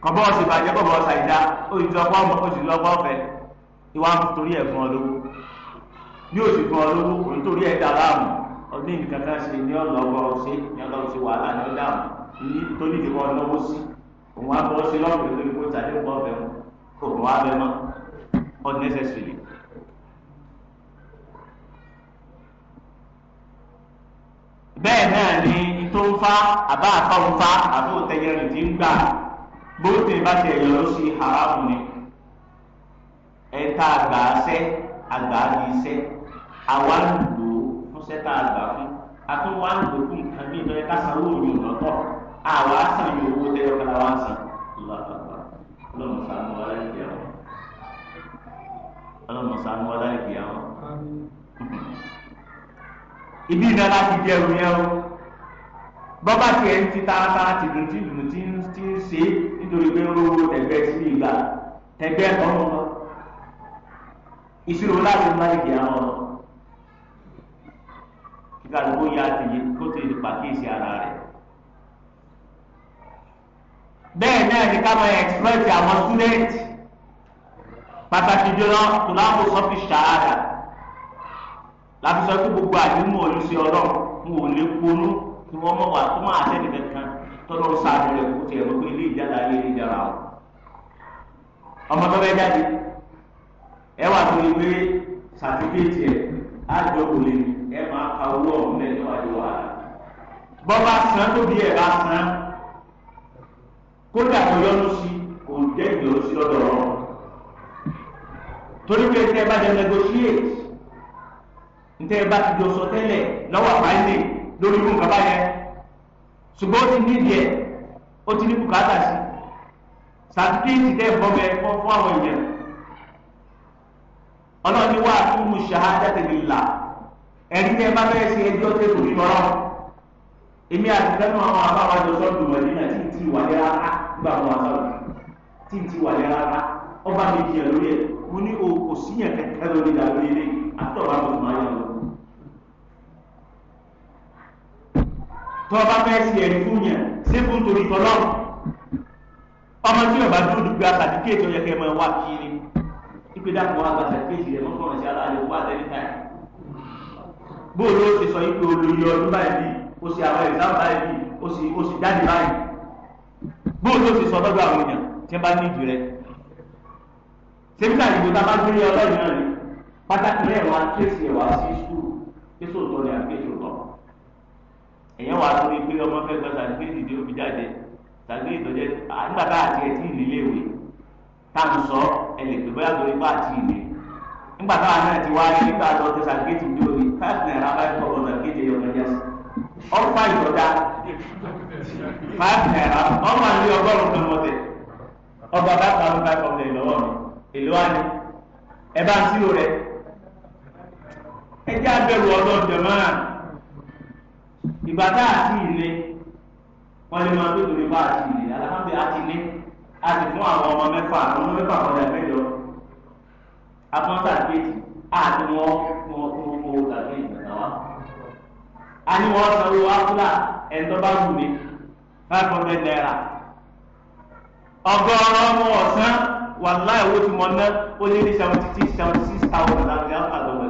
kọ́bọ́ ọ̀sìn bàjẹ́ bọ̀bọ̀ ṣàìdá òsìlọ́gbọ́ ọmọ òsìlọ́gbọ́ ọ̀fẹ́ ìwà torí ẹ̀ fún ọ lówó bí òsì fún ọ lówó kò ń torí ẹ̀ dà láàmú ọdún nǹkan kan ṣe ní ọlọ́gbọ́ ṣe ní ọlọ́run ṣe wàhálà ní ọ̀dàmú ní torí ìdíwọ́ lọ́wọ́ sí òun á bọ́ ṣe lọ́kùnrin lórí kó tàdé pọ̀ ọ̀fẹ́ mu kò mọ̀ wá bẹ́ mọ́ unnecessarily. bẹ́ẹ̀ náà ni ìtò ń fa àbá àfa ń fa àbó tẹyẹrin bóòtù ìbá ti ẹ̀yọ̀ ló ṣe haramu ni ẹ̀ta àgbàṣẹ́ àgbàdì iṣẹ́ àwa ń lò ó fún sẹ́ta àgbà fún àtúnwá ń lò fún nǹkan bí ìtọ́jú kásán lóòrùn ìrọ̀tọ̀ àwa sàn yóò owó tẹ́lẹ̀ ọ̀kadà wá sàn lọ́tọ̀ọ̀tọ̀ ọlọ́run sànú wa láì kí àwọn ọlọ́run sànú wa láì kí àwọn. ibi iná láti jẹ ẹrù yẹn o bọ́bá tiẹ̀ ń ti tààtà tìdùntìdùn ti ń ṣe é nítorí pé rówó tẹ̀gbẹ́ sí ìgbà tẹ̀gbẹ́ ọ̀run lọ ìṣirò láti má ìgbé àwọn ọ̀rọ̀ kíkà ló bóyá ti yé kó tó lè pàkíyèsí ara rẹ̀ bẹ́ẹ̀ náà ni ká máa express àwọn student pàtàkì jùlọ tó láàbò sọ fi ṣàárà láti sọ pé gbogbo àdéhùn olùsí ọlọ́run ń wò lè ponú kí wọ́n mọ̀ wá tó máa tẹ̀lé tọ́lọ́ ń sáà nílẹ̀ kó tiẹ̀ mọ́ pé ilé ìjáde ayé ilé ìjára o ọmọ tó bẹ jáde ẹ wà tó ilé sàtífíkẹ́tì ẹ̀ àjọ kò lè ẹ máa ka owó ọ̀hún lẹ́yìn wáyé wàhálà bọ́ bá san tó bí ẹ bá san kódà kò yọnu sí kò jẹ́ ìyọnu sí lọ́dọ̀ ọ̀rọ̀ torí pé tẹ́ ẹ bá jẹ negotiate ntẹ́ ẹ bá ti jọ sọ tẹ́lẹ̀ lọ́wọ́ àpáyé lórí irú nǹkan báyẹn. ṣùgbọ́n ó ti ní ìdíẹ̀ ó ti ní bùkátà sí sàtífíìtì tẹ́ bọ́bẹ fún fún àwọn èèyàn ọlọ́ọ̀ni wà fún mu ṣahadà tẹ̀lé ìlà ẹ̀rí tẹ́ bá bẹ́ẹ̀ ṣe ẹjọ́ tẹ́ kò lọ́rọ́ èmi àti fẹ́nu àwọn sọ́ọ̀dù wọ̀nyí náà tí ti wà lẹ́ra ti wà lẹ́ra ọba mi jìyà lórí mo ní o kò síyàn lórí ìdá tọ́ba fẹ́ sí ẹni fún yẹn síbú nítorí tọ́lọ́ ọmọ tí ọba dúró dúgbà sàdíkéètì ọyẹ kẹ́ máa wá kiri ipe dàpọ̀ àgbà sàdíkéètì rẹ̀ mọ́tò ọ̀rọ̀ sí aláàlẹ́ owó àtẹ́lẹ́ táyà bóòlù ó ti sọ ipe olóyè ọdún báyìí ó sì àwọn ìsáwọ̀ báyìí ó sì ó sì jáde báyìí bóòlù ó ti sọ lọ́dọ̀ àwọn èèyàn tí wọ́n bá ní ìjù rẹ̀ sèmítà ìbò tá a bá gbélé ọlọ́yìn náà ni pátákì rẹ̀ wá kéèsì ẹ̀ wá sí sùúrù kéèsì òtọ́ ni èyàn wà ní pé ọmọ fẹ́ gbọ́ sàgbéyìí ìdí omi jáde sàgbéyìí ìtọ́jẹ́ nígbà tá àti ẹ̀ tí ì tá à sọ ti nígbà tá náà ti wá ní nígbà tó ti sàgbéyìí ìdí omi five naira ìtọ́já ọmọ àti ọgọ́rùn-ún tó bá ta ìlọ́wọ́ mi èlò wa ìgbà tá a ti ilé wọn lè máa tó torí bá a ti ilé alámọdé a ti ní a ti fún àwọn ọmọ mẹ́fà àwọn ọmọ mẹ́fà kọjá mẹ́jọ afọ́nsá kéèkì àti wọn fún wọn fún wọn owó tàbí ìgbàgbọ́ wa. a ní wọn sanwó áfúlà ẹ̀ńtọ́ bá wù mí five hundred naira ọgọ́rùn-ún ọmọ ọ̀sán wàláì owó tí mo ná ó lé ní seventy six seventy six thousand àti àwọn àgbàgbọ́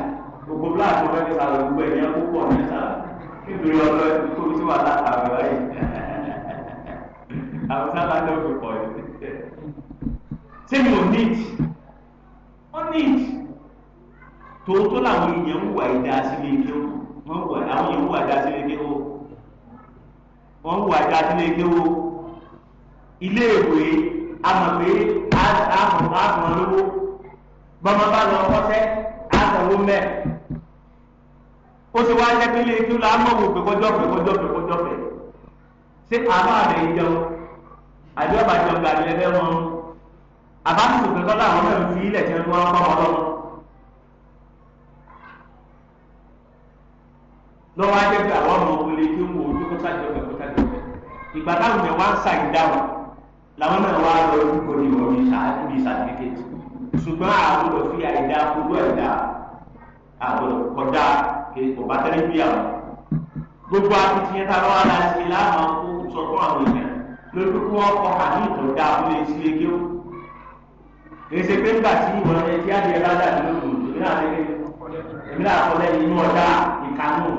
bá ọrụ ọ̀fẹ́ nípa gbogbo ẹ̀yẹ púpọ̀ nípa nítorí ọ̀fẹ́ kó tí wà látàrí ọ̀rẹ́ àwọn pọ̀ yìí. ṣé mi ò tòótọ́ làwọn èèyàn ń wà wọ́n wà àwọn èèyàn ń wà wọ́n wà amọ̀pé bá lọ mẹ́ẹ̀. ó ti wá jẹ́ kí ilé ikú la mọ̀ wò pé kọjọ́ pé kọjọ́ pé kọjọ́ pé ṣé àbá rẹ̀ jẹun àbí ọba jẹun gàdí ẹgbẹ́ wọn àbá mi sùn pé kọ́lá àwọn mẹ́rin fi ilẹ̀ tí wọ́n ń bá wọn lọ́wọ́ lọ́wọ́ á jẹ́ pé àwọn ọmọ ogun lè kí wọ́n ojú kọ́tà jẹ́ pé kọ́tà jẹ́ pé ìgbà táwọn yẹn wá ń sa ìdáhùn làwọn náà wá lọ orúkọ ní ìwọ̀n ní sàtífíkẹ́tì ṣùgbọ́n àwọn òfin àìdá gbogbo àìdá àwọn kọjá kò bá tẹ́lẹ̀ bí àwọn gbogbo akitiyan tá a lọ́wọ́ la ṣe láàmú kó sọ fún àwọn èèyàn lórí kó wọ́n kọ́ àmì ìtọ́jà fún èsì ege o èsì pé nígbà tí ìwọ ẹtí adìyẹ bá dà ní lóògùn èmi náà lè èmi náà kọ́ lẹ́yìn inú ọ̀dà ìkànnù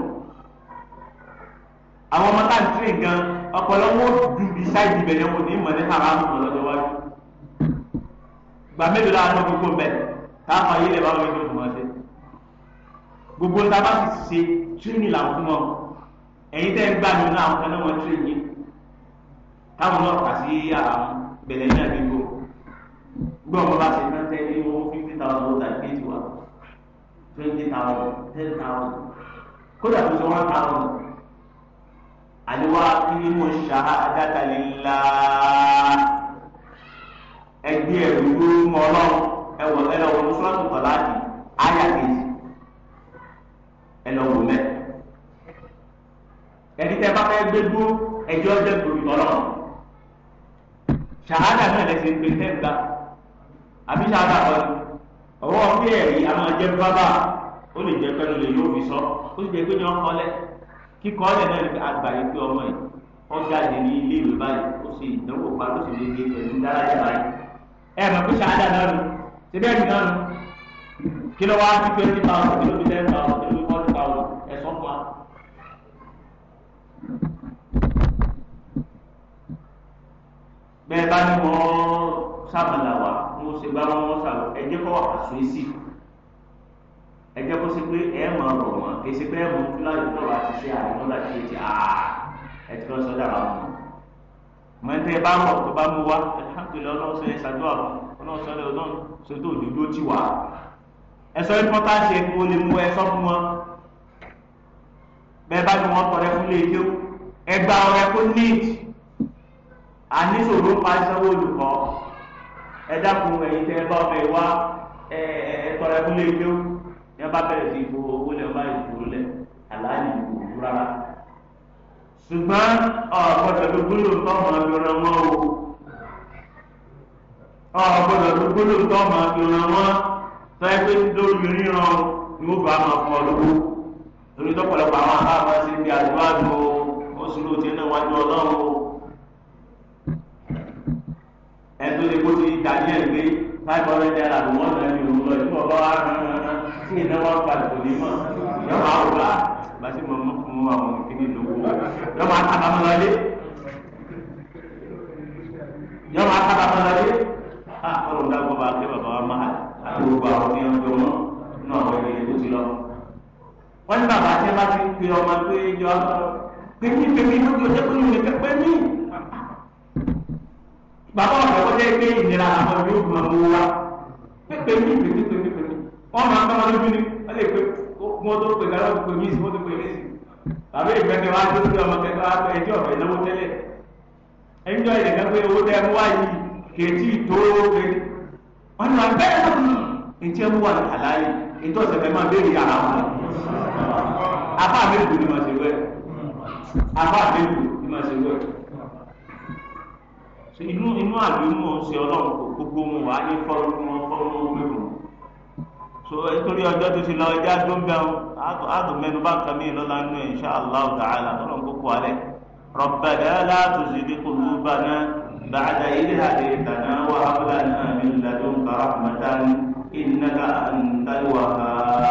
àwọn ọmọ tá à ń tírè gan ọ̀pọ̀lọpọ̀ dùn bí sáìdì bẹ̀rẹ̀ wọn ní ìmọ̀lẹ́ haramu lọ́jọ́ wájú gbà mélòó la lọ́ gbogbo bẹ̀ táwọn ayé lè bá wọn ní ìdòwò gbogbo ta bá sì ṣe tírénì làwọn fún ọ ẹ̀yin tẹ́ ń gbà nínú àwọn kan náà wọ́n tírénì táwọn náà kà sí àwọn bẹ̀rẹ̀ ní àdúgbò gbọ́ ọmọ bá ṣe tán tẹ́lẹ̀ owó fifty thousand ó tàbí eight wa twenty thousand ten thousand kódà tó ṣe one thousand àdéhùn akínímọ̀ ṣahadata lillah ẹgbẹ́ ẹ̀rú ló ń mọ ọlọ́run ẹ̀wọ̀n ẹ̀rọ wọn ló sọ́ọ́tù kọ̀láàdì áyà kejì ẹ lọ wò mẹ ẹni tẹ bá fẹ́ gbé dúró ẹjọ ọjọ gbòmí Ọlọ́run ṣàhádà náà lẹsẹ ń pè tẹgbà àbí ṣàhádà kan ọwọ́ pé ẹ̀rí àwọn ọjẹ bábà ó lè jẹ pẹ̀lú lè yóò fi sọ ó sì jẹ pé ní ọkọ lẹ kíkọ ọlẹ náà ní agbàyè pé ọmọ yìí ọjà lè ní ilé ìwé báyìí ó sì ìdánwò pa ó sì lè gbé pẹ̀lú dáradà báyìí ẹ mọ̀ pé ṣàhádà náà nù síbẹ̀ nù náà nù kí ló wá sí bẹ́ẹ̀ bá ní wọ́n sàmàlà wà wọ́n ṣe bá wọn sàlọ ẹ jẹ́ kó wà pàṣẹ sí ẹ jẹ́ kó ṣe pé ẹ mọ̀ ọ̀rọ̀ wọn kì í ṣe pé ẹ mọ̀ kíláàsì tó wà ti ṣe àìmọ́ láti ṣe ẹ ti lọ sọ́dà wà mọ́ mọ̀tẹ́ bá mọ̀ tó bá mú wa alhamdulilayi ọlọ́run sọ yẹn ṣàdúrà ọlọ́run sọ yẹn ọlọ́run sọ tó òdodo ti wà ẹ sọ yẹn lè mú ẹ sọ fún wọn bẹ́ẹ̀ bá ní wọn kọ̀ rẹ fún lè jó ẹgbàá rẹ kó níìtì àníṣòro ń pa sanwó olùkọ́ ẹ dákun ẹ̀yin tẹ́ ẹ bá ọmọ ẹ wá ẹ ẹ tọrọ ẹkún lé kéwù ní ọba bẹ̀rẹ̀ sí ìbò owó lẹ̀ ọba ìdúró lẹ̀ àlàyé ìbò òkú rárá. ṣùgbọ́n ọ̀gbọ́dọ̀ tó gbóló tó ọmọ ìran wọn o ọ̀gbọ́dọ̀ tó gbóló tó ọmọ ìran wọn tó ẹ pé lórí ríran ni ó bá máa fọ lówó lórí máa ṣe bí àdúrà lò ó sùn ẹtọ́ lè kó ti dání ẹ̀ pé five hundred naira ló wọ́n náà ní òun lọ ìfún ọba wa rán sí iná wọn padà kò ní mọ̀ yọ máa wò wá ah, bàtí mo mú fún àwọn kíní lówó yọ máa tábà mọ́ lọ́dé yọ máa tábà mọ́ lọ́dé á ọ̀rọ̀ ńlá gbọ́ bá ké bàbá wa máa àti gbogbo àwọn ní ọjọ́ mọ́ náà wọ́n yẹ kó ti lọ. wọ́n ní bàbá tí wọ́n bá ti ń ọmọ pé yọ pé ní bàbá ọ̀dọ́ kó jẹ́ pé ìnira àwọn yóò máa mú wa pépè mí pépè pépè pépè wọ́n máa ń bá wọn lójú ni wọ́n lè pé wọ́n tó pè wọ́n tó pè tó ọmọ ẹjọ́ ọ̀fẹ́ náwó tẹ́lẹ̀ ẹjọ́ pé owó wáyé tó pé wọ́n ní wọn bẹ́ẹ̀ wọ́n ètí wà fẹ́ máa béèrè ara wọn. inú inú àlùmọ̀ ṣe ọlọ́run kò gbogbo mu wá ní fọ́ọ̀mù wọn fọ́ọ̀mù gbèrò so nítorí ọjọ́ tó ti lọ ẹja tó ń bẹ ọ àdùn mẹ́nu bá nǹkan mí lọ́la nínú ẹ̀ insha Allah ta'ala ọlọ́run kò kó alẹ́ Rabbana la tuzigh qulubana ba'da idh hadaytana wa hab lana min ladunka rahmatan innaka antal wahhab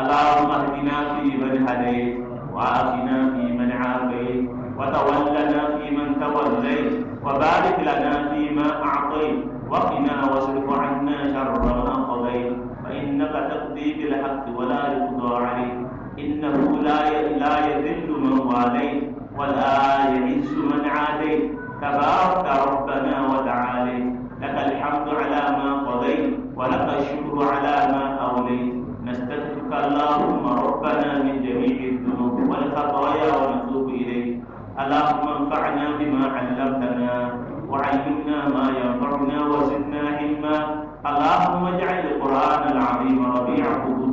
Allahumma ihdina fi man hadayt wa 'afina fi man 'afayt wa tawallana وبارك لنا فيما أعطيت وقنا واصرف عنا شر ما قضيت فإنك تقضي بالحق ولا يقضى عليك إنه لا لا يذل من واليت ولا يعز من عاديت تبارك ربنا وتعالي لك الحمد على ما قضيت ولك الشكر على ما أوليت نستغفرك اللهم ربنا من جميع الذنوب والخطايا ونتوب إليك اللهم انفعنا بما علمتنا وعلمنا ما ينفعنا وزدنا علما اللهم اجعل القرآن العظيم ربيع قلوبنا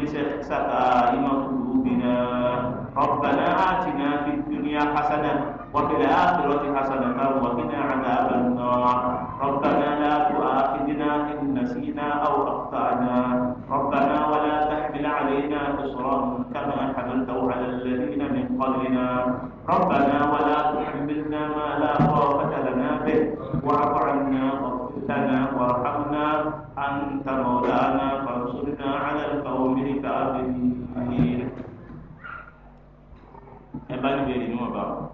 كل سقائم قلوبنا ربنا آتنا في الدنيا حسنة وفي الآخرة حسنة وقنا عذاب النار ربنا لا تؤاخذنا إن نسينا أو أخطأنا ربنا ولا تحمل علينا إصرا كما حملته على الذين من قبلنا ربنا I don't níwọ̀n bá